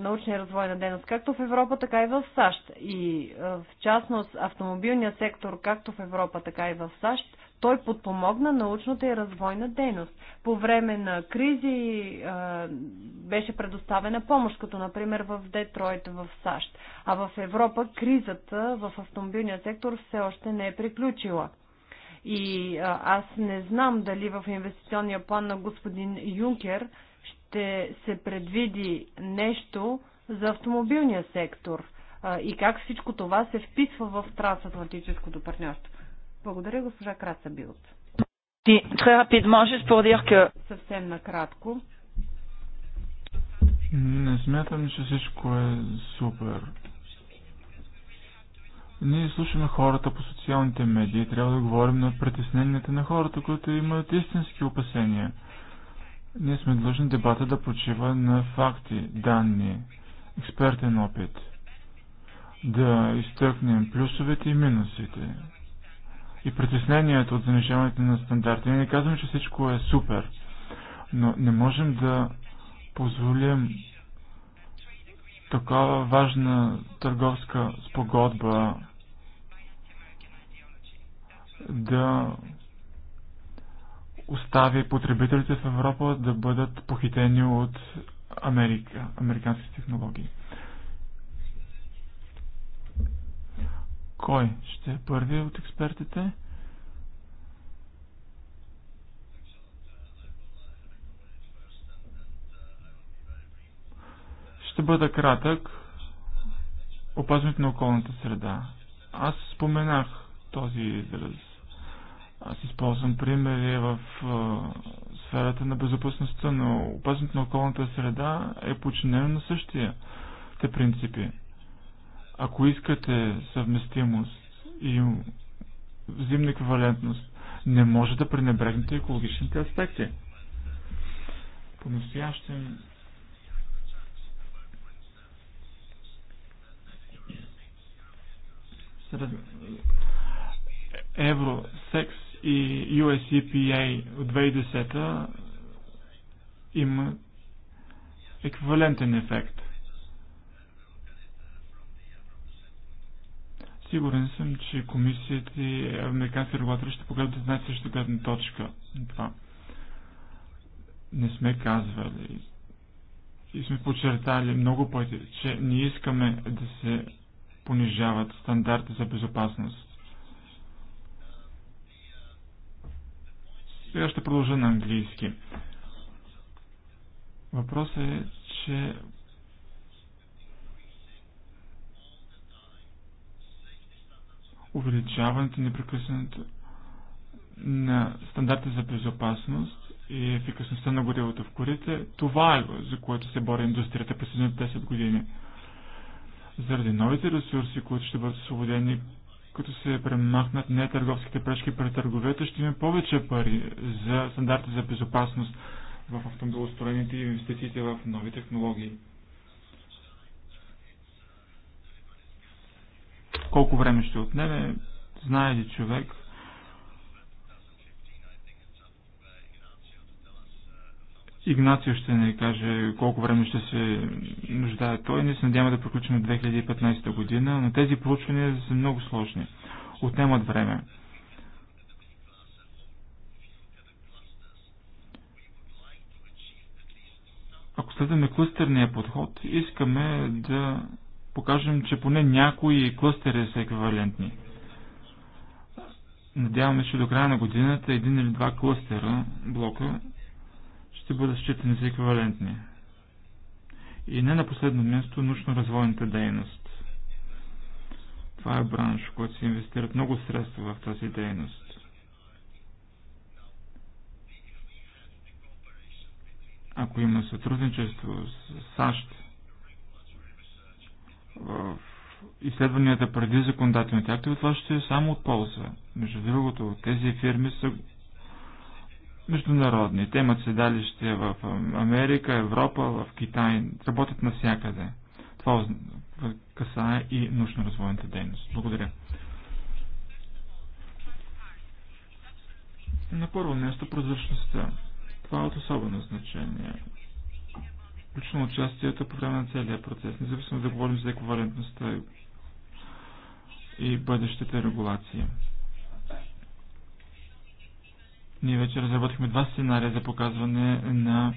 Speaker 2: научни развойна дейност както в Европа, така и в САЩ. И а, в частност автомобилният сектор както в Европа, така и в САЩ, той подпомогна научната и развойна дейност. По време на кризи а, беше предоставена помощ, като например в Детройт в САЩ. А в Европа кризата в автомобилния сектор все още не е приключила. И а, аз не знам дали в инвестиционния план на господин Юнкер ще се предвиди нещо за автомобилния сектор и как всичко това се вписва в трансатлантическото партньорство. Благодаря, госпожа Краца Билт. Съвсем накратко.
Speaker 3: Не смятам, че всичко е супер. Ние слушаме хората по социалните медии и трябва да говорим на притесненията на хората, които имат истински опасения – ние сме длъжни дебата да почива на факти, данни, експертен опит. Да изтъкнем плюсовете и минусите. И притеснението от занижаването на стандарти. не казваме, че всичко е супер, но не можем да позволим такава важна търговска спогодба да остави потребителите в Европа да бъдат похитени от Америка, американските технологии. Кой ще е първи от експертите? Ще бъда кратък. Опазването на околната среда. Аз споменах този израз. Аз използвам примери в сферата на безопасността, но опазването на околната среда е подчинено на същия те принципи. Ако искате съвместимост и взаимна еквивалентност, не може да пренебрегнете екологичните аспекти. По-настоящем Евросекс и USEPA от 2010 има еквивалентен ефект. Сигурен съм, че комисията и американски регулатори ще погледнат една същата гледна точка на това. Не сме казвали и сме подчертали много пъти, че не искаме да се понижават стандарти за безопасност. Сега ще продължа на английски. Въпросът е, че увеличаването непрекъснато на стандарти за безопасност и ефикасността на горивото в корите, това е за което се бори индустрията през 10 години. Заради новите ресурси, които ще бъдат освободени като се премахнат нетърговските пречки пред търговете, ще има повече пари за стандарти за безопасност в автомобилостроените и инвестициите в нови технологии. Колко време ще отнеме, знае ли човек – Игнация ще ни каже колко време ще се нуждае той. Ние се надяваме да приключим 2015 година, но тези проучвания са много сложни. Отнемат време. Ако следваме клъстерния подход, искаме да покажем, че поне някои клъстери са еквивалентни. Надяваме, че до края на годината един или два клъстера, блока, ще бъдат считани за еквивалентни. И не на последно място научно-развойната дейност. Това е бранш, в който се инвестират много средства в тази дейност. Ако има сътрудничество с САЩ в изследванията преди законодателните актове, това ще е само от полза. Между другото, тези фирми са международни. Те имат седалище в Америка, Европа, в Китай, работят навсякъде. Това касае и научно-развойната дейност. Благодаря. На първо място прозрачността. Това е от особено значение. Включително участието по време на целия процес, независимо да говорим за еквивалентността и бъдещите регулации. Ние вече разработихме два сценария за показване на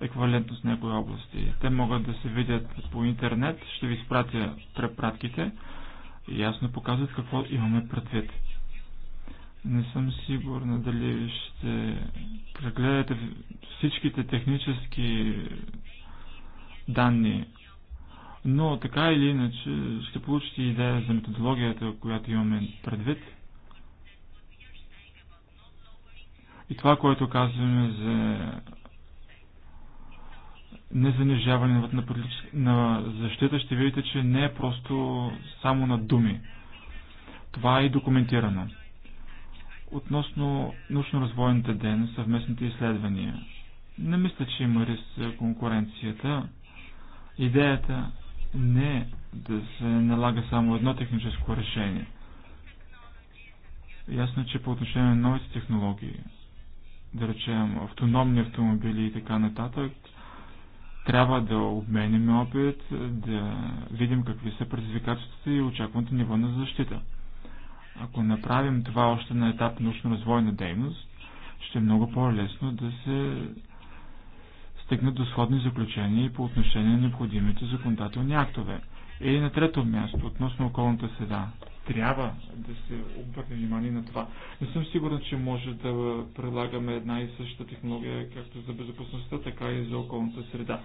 Speaker 3: еквивалентност на някои области. Те могат да се видят по интернет, ще ви спратя препратките и ясно показват какво имаме предвид. Не съм сигурна дали ще прегледате всичките технически данни, но така или иначе ще получите идея за методологията, която имаме предвид – И това, което казваме за незанижаване на, на защита, ще видите, че не е просто само на думи. Това е и документирано. Относно научно-развойната ден, съвместните изследвания. Не мисля, че има риск конкуренцията. Идеята не е да се налага само едно техническо решение. Ясно, че по отношение на новите технологии, да речем автономни автомобили и така нататък, трябва да обменим опит, да видим какви са предизвикателствата и очакваното ниво на защита. Ако направим това още на етап научно-развойна дейност, ще е много по-лесно да се стигнат до сходни заключения по отношение на необходимите законодателни актове. И на трето място, относно околната седа, трябва да се обърне внимание на това. Не съм сигурен, че може да прилагаме една и съща технология, както за безопасността, така и за околната среда.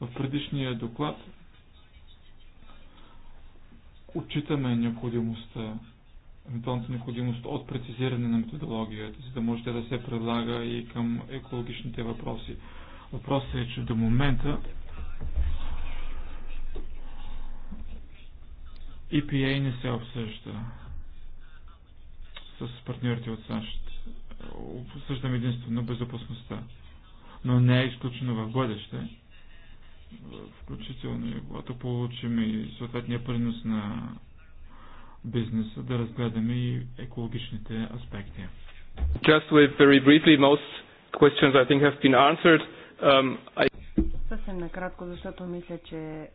Speaker 3: В предишния доклад отчитаме необходимостта, евентуалната необходимост от прецизиране на методологията, за да може да се предлага и към екологичните въпроси. Въпросът е, че до момента EPA не се обсъжда с партньорите от САЩ. Обсъждам единствено безопасността. Но не е изключено в бъдеще. Включително и когато получим и съответния принос на бизнеса, да разгледаме и екологичните аспекти. Just with very briefly, most questions I think have been answered. Um, I...
Speaker 2: Съвсем накратко, защото мисля, че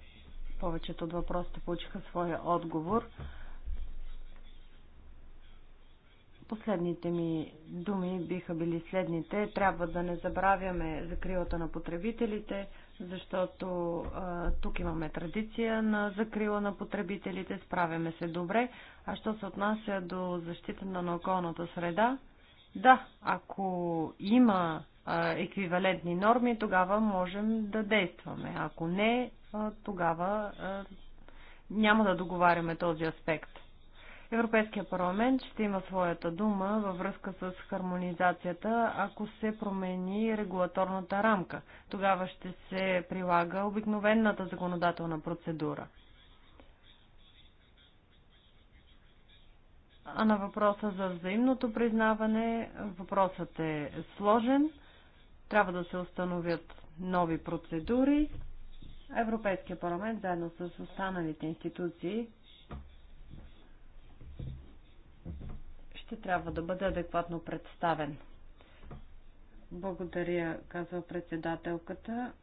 Speaker 2: повечето от въпросите получиха своя отговор. Последните ми думи биха били следните. Трябва да не забравяме закрилата на потребителите, защото а, тук имаме традиция на закрила на потребителите, справяме се добре. А що се отнася до защита на околната среда, да, ако има еквивалентни норми, тогава можем да действаме. Ако не, тогава няма да договаряме този аспект. Европейския парламент ще има своята дума във връзка с хармонизацията, ако се промени регулаторната рамка. Тогава ще се прилага обикновената законодателна процедура. А на въпроса за взаимното признаване, въпросът е сложен. Трябва да се установят нови процедури. Европейския парламент, заедно с останалите институции, ще трябва да бъде адекватно представен. Благодаря, казва председателката.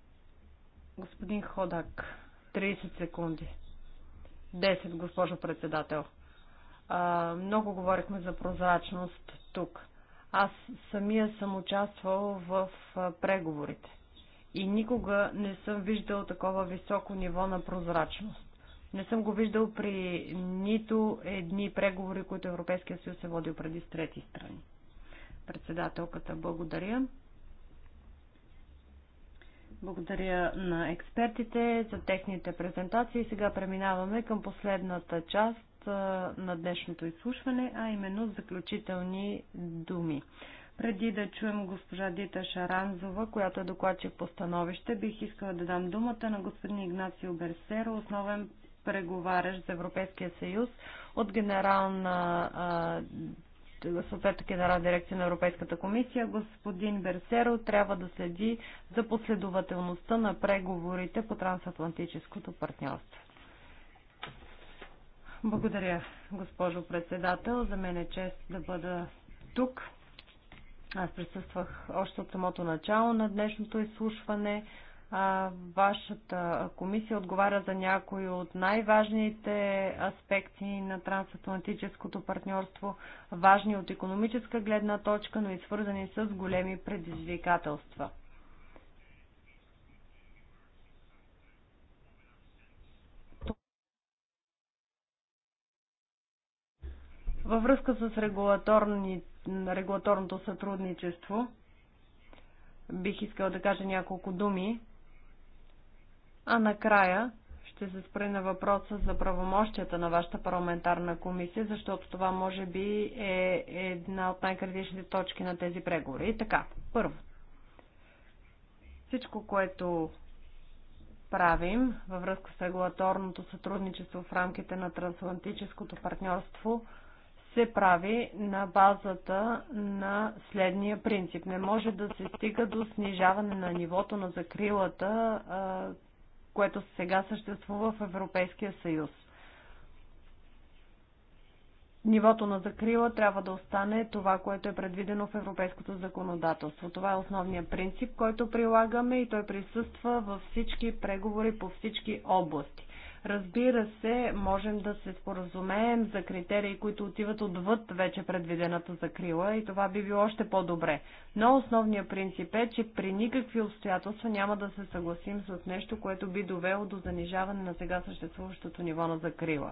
Speaker 2: Господин Ходак, 30 секунди. 10, госпожо председател. А, много говорихме за прозрачност тук. Аз самия съм участвал в преговорите и никога не съм виждал такова високо ниво на прозрачност. Не съм го виждал при нито едни преговори, които Европейския съюз е водил преди с трети страни. Председателката, благодаря. Благодаря на експертите за техните презентации. Сега преминаваме към последната част на днешното изслушване, а именно заключителни думи. Преди да чуем госпожа Дита Шаранзова, която е докладчик по становище, бих искала да дам думата на господин Игнацио Берсеро, основен преговарящ за Европейския съюз от генерална съответно генерална дирекция на Европейската комисия, господин Берсеро трябва да следи за последователността на преговорите по трансатлантическото партньорство. Благодаря, госпожо председател. За мен е чест да бъда тук. Аз присъствах още от самото начало на днешното изслушване. Вашата комисия отговаря за някои от най-важните аспекти на трансатлантическото партньорство, важни от економическа гледна точка, но и свързани с големи предизвикателства. Във връзка с регулаторното сътрудничество, бих искал да кажа няколко думи, а накрая ще се спре на въпроса за правомощията на вашата парламентарна комисия, защото това може би е една от най-критичните точки на тези преговори. И така, първо, всичко, което правим във връзка с регулаторното сътрудничество в рамките на трансатлантическото партньорство – се прави на базата на следния принцип. Не може да се стига до снижаване на нивото на закрилата, което сега съществува в Европейския съюз. Нивото на закрила трябва да остане това, което е предвидено в европейското законодателство. Това е основният принцип, който прилагаме и той присъства във всички преговори по всички области. Разбира се, можем да се споразумеем за критерии, които отиват отвъд вече предвидената закрила и това би било още по-добре. Но основният принцип е, че при никакви обстоятелства няма да се съгласим с нещо, което би довело до занижаване на сега съществуващото ниво на закрила.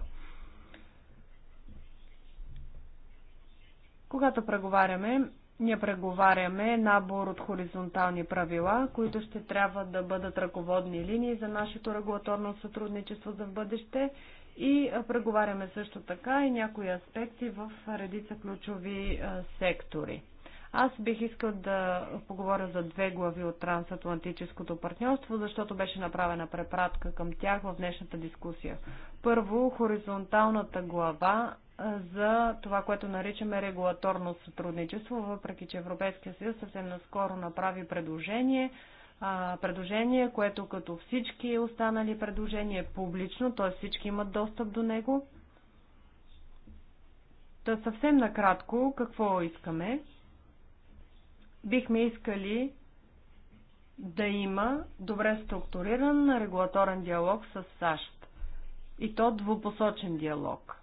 Speaker 2: Когато преговаряме, ние преговаряме набор от хоризонтални правила, които ще трябва да бъдат ръководни линии за нашето регулаторно сътрудничество за в бъдеще и преговаряме също така и някои аспекти в редица ключови сектори. Аз бих искал да поговоря за две глави от трансатлантическото партньорство, защото беше направена препратка към тях в днешната дискусия. Първо, хоризонталната глава за това, което наричаме регулаторно сътрудничество, въпреки че Европейския съюз съвсем наскоро направи предложение, предложение, което като всички останали предложения е публично, т.е. всички имат достъп до него. Та съвсем накратко, какво искаме? Бихме искали да има добре структуриран регулаторен диалог с САЩ. И то двупосочен диалог –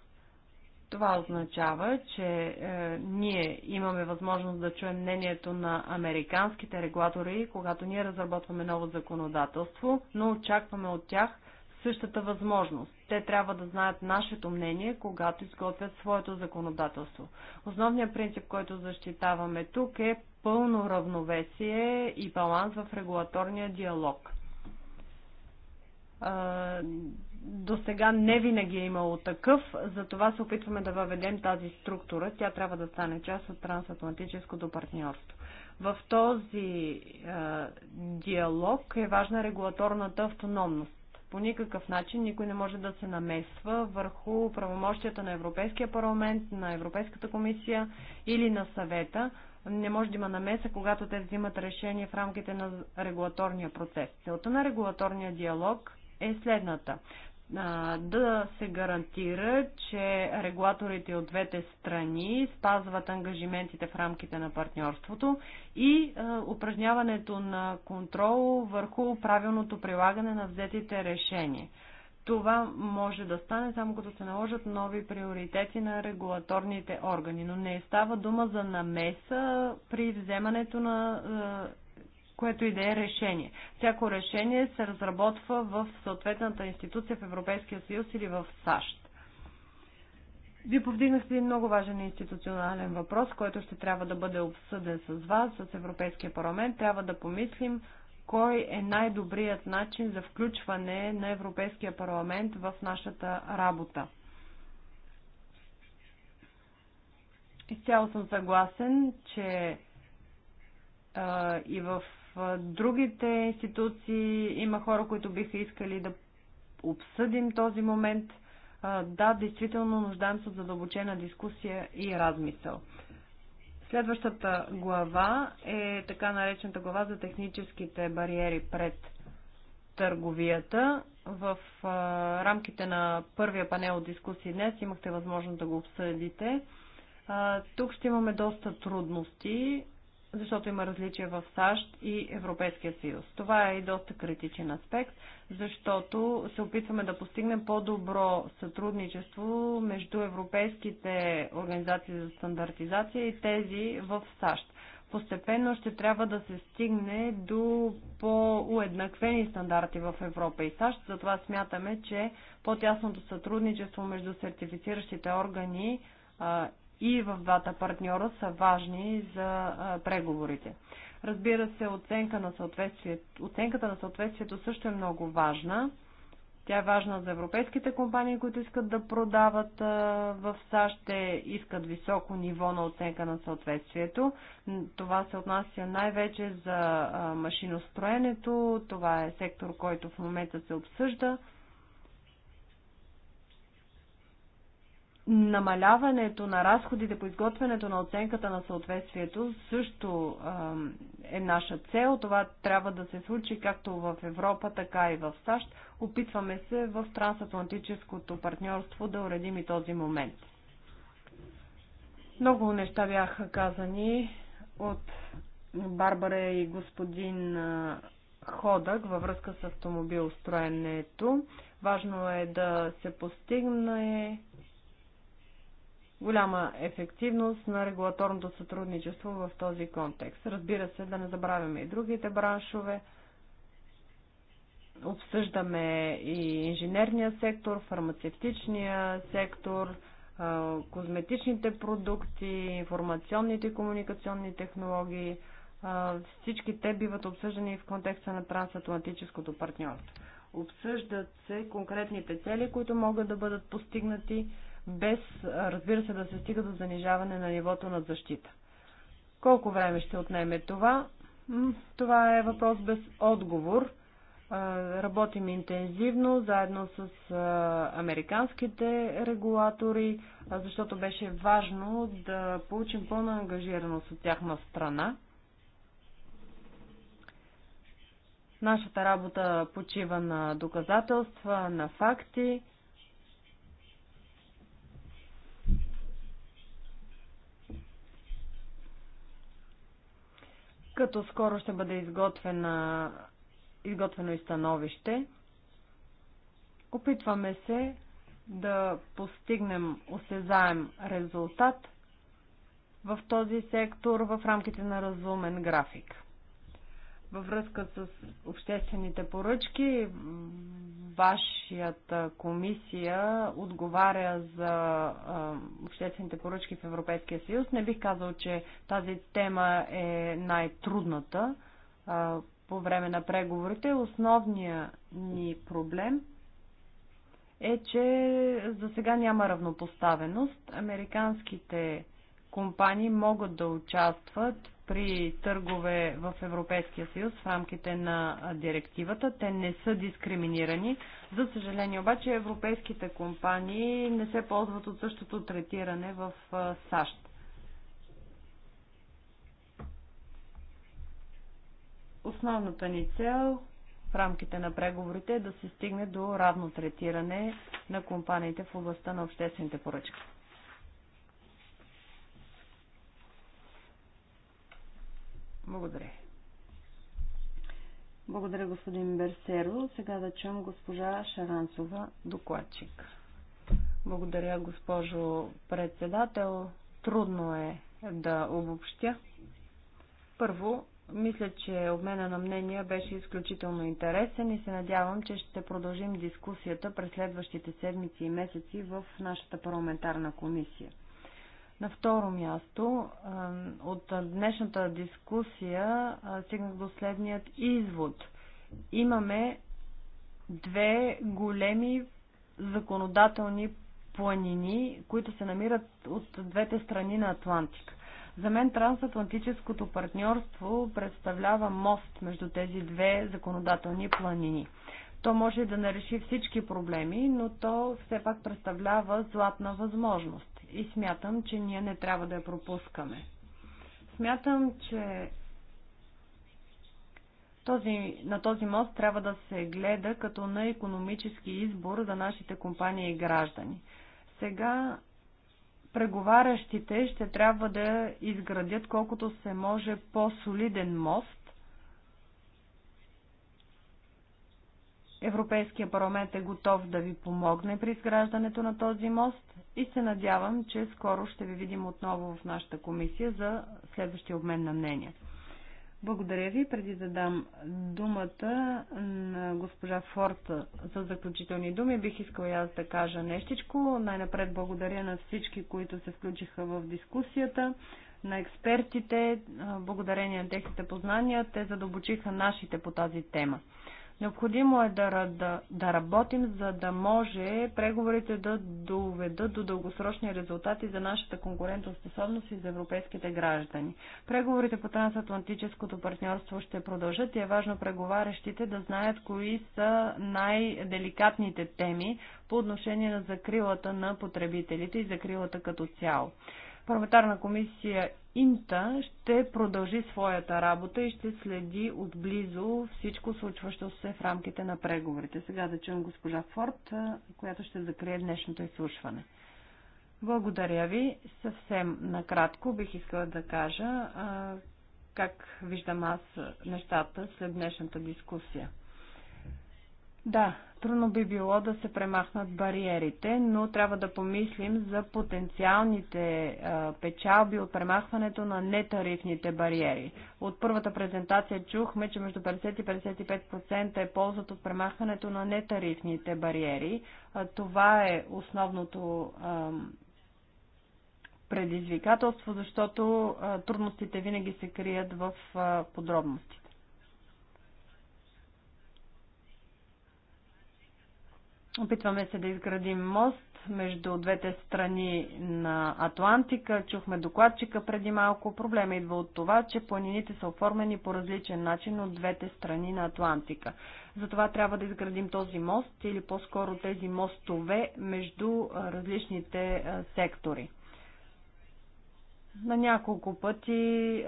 Speaker 2: това означава, че е, ние имаме възможност да чуем мнението на американските регулатори, когато ние разработваме ново законодателство, но очакваме от тях същата възможност. Те трябва да знаят нашето мнение, когато изготвят своето законодателство. Основният принцип, който защитаваме тук е пълно равновесие и баланс в регулаторния диалог е, до сега не винаги е имало такъв, затова се опитваме да въведем тази структура. Тя трябва да стане част от трансатлантическото партньорство. В този е, диалог е важна регулаторната автономност. По никакъв начин никой не може да се намесва върху правомощията на Европейския парламент, на Европейската комисия или на съвета. Не може да има намеса, когато те взимат решение в рамките на регулаторния процес. Целта на регулаторния диалог е следната да се гарантира, че регулаторите от двете страни спазват ангажиментите в рамките на партньорството и упражняването на контрол върху правилното прилагане на взетите решения. Това може да стане само като се наложат нови приоритети на регулаторните органи, но не става дума за намеса при вземането на което и да е решение. Всяко решение се разработва в съответната институция в Европейския съюз или в САЩ. Ви повдигнахте един много важен институционален въпрос, който ще трябва да бъде обсъден с вас, с Европейския парламент. Трябва да помислим кой е най-добрият начин за включване на Европейския парламент в нашата работа. Изцяло съм съгласен, че а, и в другите институции има хора, които биха искали да обсъдим този момент. Да, действително нуждаем се от задълбочена дискусия и размисъл. Следващата глава е така наречената глава за техническите бариери пред търговията. В рамките на първия панел от дискусии днес имахте възможност да го обсъдите. тук ще имаме доста трудности защото има различия в САЩ и Европейския съюз. Това е и доста критичен аспект, защото се опитваме да постигнем по-добро сътрудничество между европейските организации за стандартизация и тези в САЩ. Постепенно ще трябва да се стигне до по-уеднаквени стандарти в Европа и САЩ, затова смятаме, че по-тясното сътрудничество между сертифициращите органи и в двата партньора са важни за преговорите. Разбира се, оценка на оценката на съответствието също е много важна. Тя е важна за европейските компании, които искат да продават в САЩ, те искат високо ниво на оценка на съответствието. Това се отнася най-вече за машиностроенето, това е сектор, който в момента се обсъжда. намаляването на разходите по изготвянето на оценката на съответствието също е наша цел. Това трябва да се случи както в Европа, така и в САЩ. Опитваме се в трансатлантическото партньорство да уредим и този момент. Много неща бяха казани от Барбара и господин Ходък във връзка с автомобилостроенето. Важно е да се постигне голяма ефективност на регулаторното сътрудничество в този контекст. Разбира се, да не забравяме и другите браншове. Обсъждаме и инженерния сектор, фармацевтичния сектор, козметичните продукти, информационните и комуникационни технологии. Всички те биват обсъждани в контекста на трансатлантическото партньорство. Обсъждат се конкретните цели, които могат да бъдат постигнати без, разбира се, да се стига до занижаване на нивото на защита. Колко време ще отнеме това? Това е въпрос без отговор. Работим интензивно, заедно с американските регулатори, защото беше важно да получим пълна ангажираност от тяхна страна. Нашата работа почива на доказателства, на факти като скоро ще бъде изготвена, изготвено и становище. Опитваме се да постигнем осезаем резултат в този сектор в рамките на разумен график във връзка с обществените поръчки, вашата комисия отговаря за обществените поръчки в Европейския съюз. Не бих казал, че тази тема е най-трудната по време на преговорите. Основният ни проблем е, че за сега няма равнопоставеност. Американските компании могат да участват при търгове в Европейския съюз в рамките на директивата. Те не са дискриминирани. За съжаление обаче европейските компании не се ползват от същото третиране в САЩ. Основната ни цел в рамките на преговорите е да се стигне до равно третиране на компаниите в областта на обществените поръчки. Благодаря. Благодаря, господин Берсеро. Сега да чуем госпожа Шаранцова, докладчик. Благодаря, госпожо председател. Трудно е да обобщя. Първо, мисля, че обмена на мнения беше изключително интересен и се надявам, че ще продължим дискусията през следващите седмици и месеци в нашата парламентарна комисия. На второ място, от днешната дискусия стигнах до следният извод. Имаме две големи законодателни планини, които се намират от двете страни на Атлантик. За мен трансатлантическото партньорство представлява мост между тези две законодателни планини. То може да нареши всички проблеми, но то все пак представлява златна възможност и смятам, че ние не трябва да я пропускаме. Смятам, че този, на този мост трябва да се гледа като на економически избор за нашите компании и граждани. Сега преговарящите ще трябва да изградят колкото се може по-солиден мост. Европейския парламент е готов да ви помогне при изграждането на този мост и се надявам, че скоро ще ви видим отново в нашата комисия за следващия обмен на мнения. Благодаря ви. Преди да дам думата на госпожа Форта за заключителни думи, бих искала и аз да кажа нещичко. Най-напред благодаря на всички, които се включиха в дискусията, на експертите, благодарение на техните познания, те задълбочиха нашите по тази тема. Необходимо е да, да, да работим, за да може преговорите да доведат до дългосрочни резултати за нашата конкурентоспособност и за европейските граждани. Преговорите по трансатлантическото партньорство ще продължат и е важно преговарящите да знаят кои са най-деликатните теми по отношение на закрилата на потребителите и закрилата като цяло. Парламентарна комисия Инта ще продължи своята работа и ще следи отблизо всичко случващо се в рамките на преговорите. Сега да чуем госпожа Форд, която ще закрие днешното изслушване. Благодаря ви. Съвсем накратко бих искала да кажа как виждам аз нещата след днешната дискусия. Да, Трудно би било да се премахнат бариерите, но трябва да помислим за потенциалните печалби от премахването на нетарифните бариери. От първата презентация чухме, че между 50 и 55% е ползват от премахването на нетарифните бариери. Това е основното предизвикателство, защото трудностите винаги се крият в подробности. Опитваме се да изградим мост между двете страни на Атлантика. Чухме докладчика преди малко. Проблема идва от това, че планините са оформени по различен начин от двете страни на Атлантика. Затова трябва да изградим този мост или по-скоро тези мостове между различните сектори. На няколко пъти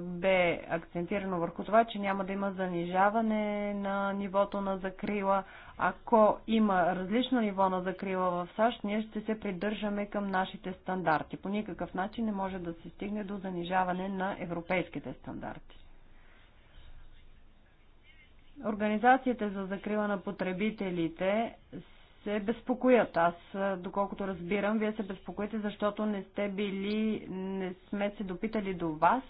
Speaker 2: бе акцентирано върху това, че няма да има занижаване на нивото на закрила, ако има различно ниво на закрила в САЩ, ние ще се придържаме към нашите стандарти. По никакъв начин не може да се стигне до занижаване на европейските стандарти. Организациите за закрила на потребителите се безпокоят. Аз, доколкото разбирам, вие се безпокоите, защото не сте били, не сме се допитали до вас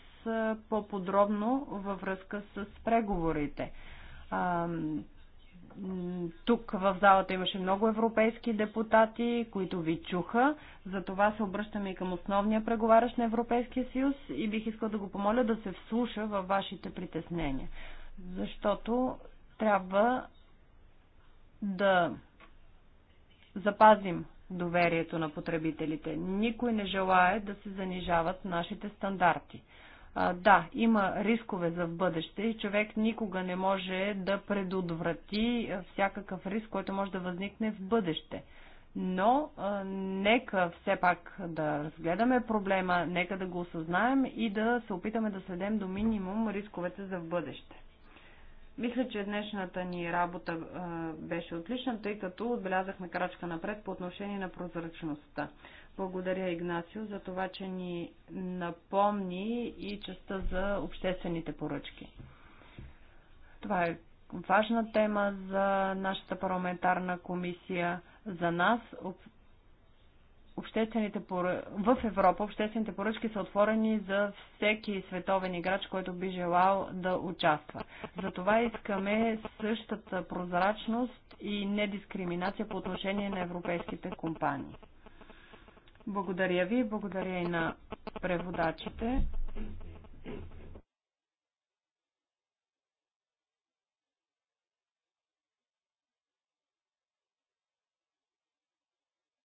Speaker 2: по-подробно във връзка с преговорите. Тук в залата имаше много европейски депутати, които ви чуха. За това се обръщаме и към основния преговарящ на Европейския съюз и бих искал да го помоля да се вслуша във вашите притеснения. Защото трябва да запазим доверието на потребителите. Никой не желая да се занижават нашите стандарти. А, да, има рискове за в бъдеще и човек никога не може да предотврати всякакъв риск, който може да възникне в бъдеще. Но а, нека все пак да разгледаме проблема, нека да го осъзнаем и да се опитаме да следем до минимум рисковете за в бъдеще. Мисля, че днешната ни работа а, беше отлична, тъй като отбелязахме крачка напред по отношение на прозрачността. Благодаря, Игнасио, за това, че ни напомни и частта за обществените поръчки. Това е важна тема за нашата парламентарна комисия. За нас обществените поръ... в Европа обществените поръчки са отворени за всеки световен играч, който би желал да участва. Затова искаме същата прозрачност и недискриминация по отношение на европейските компании. Благодаря ви, благодаря и на преводачите.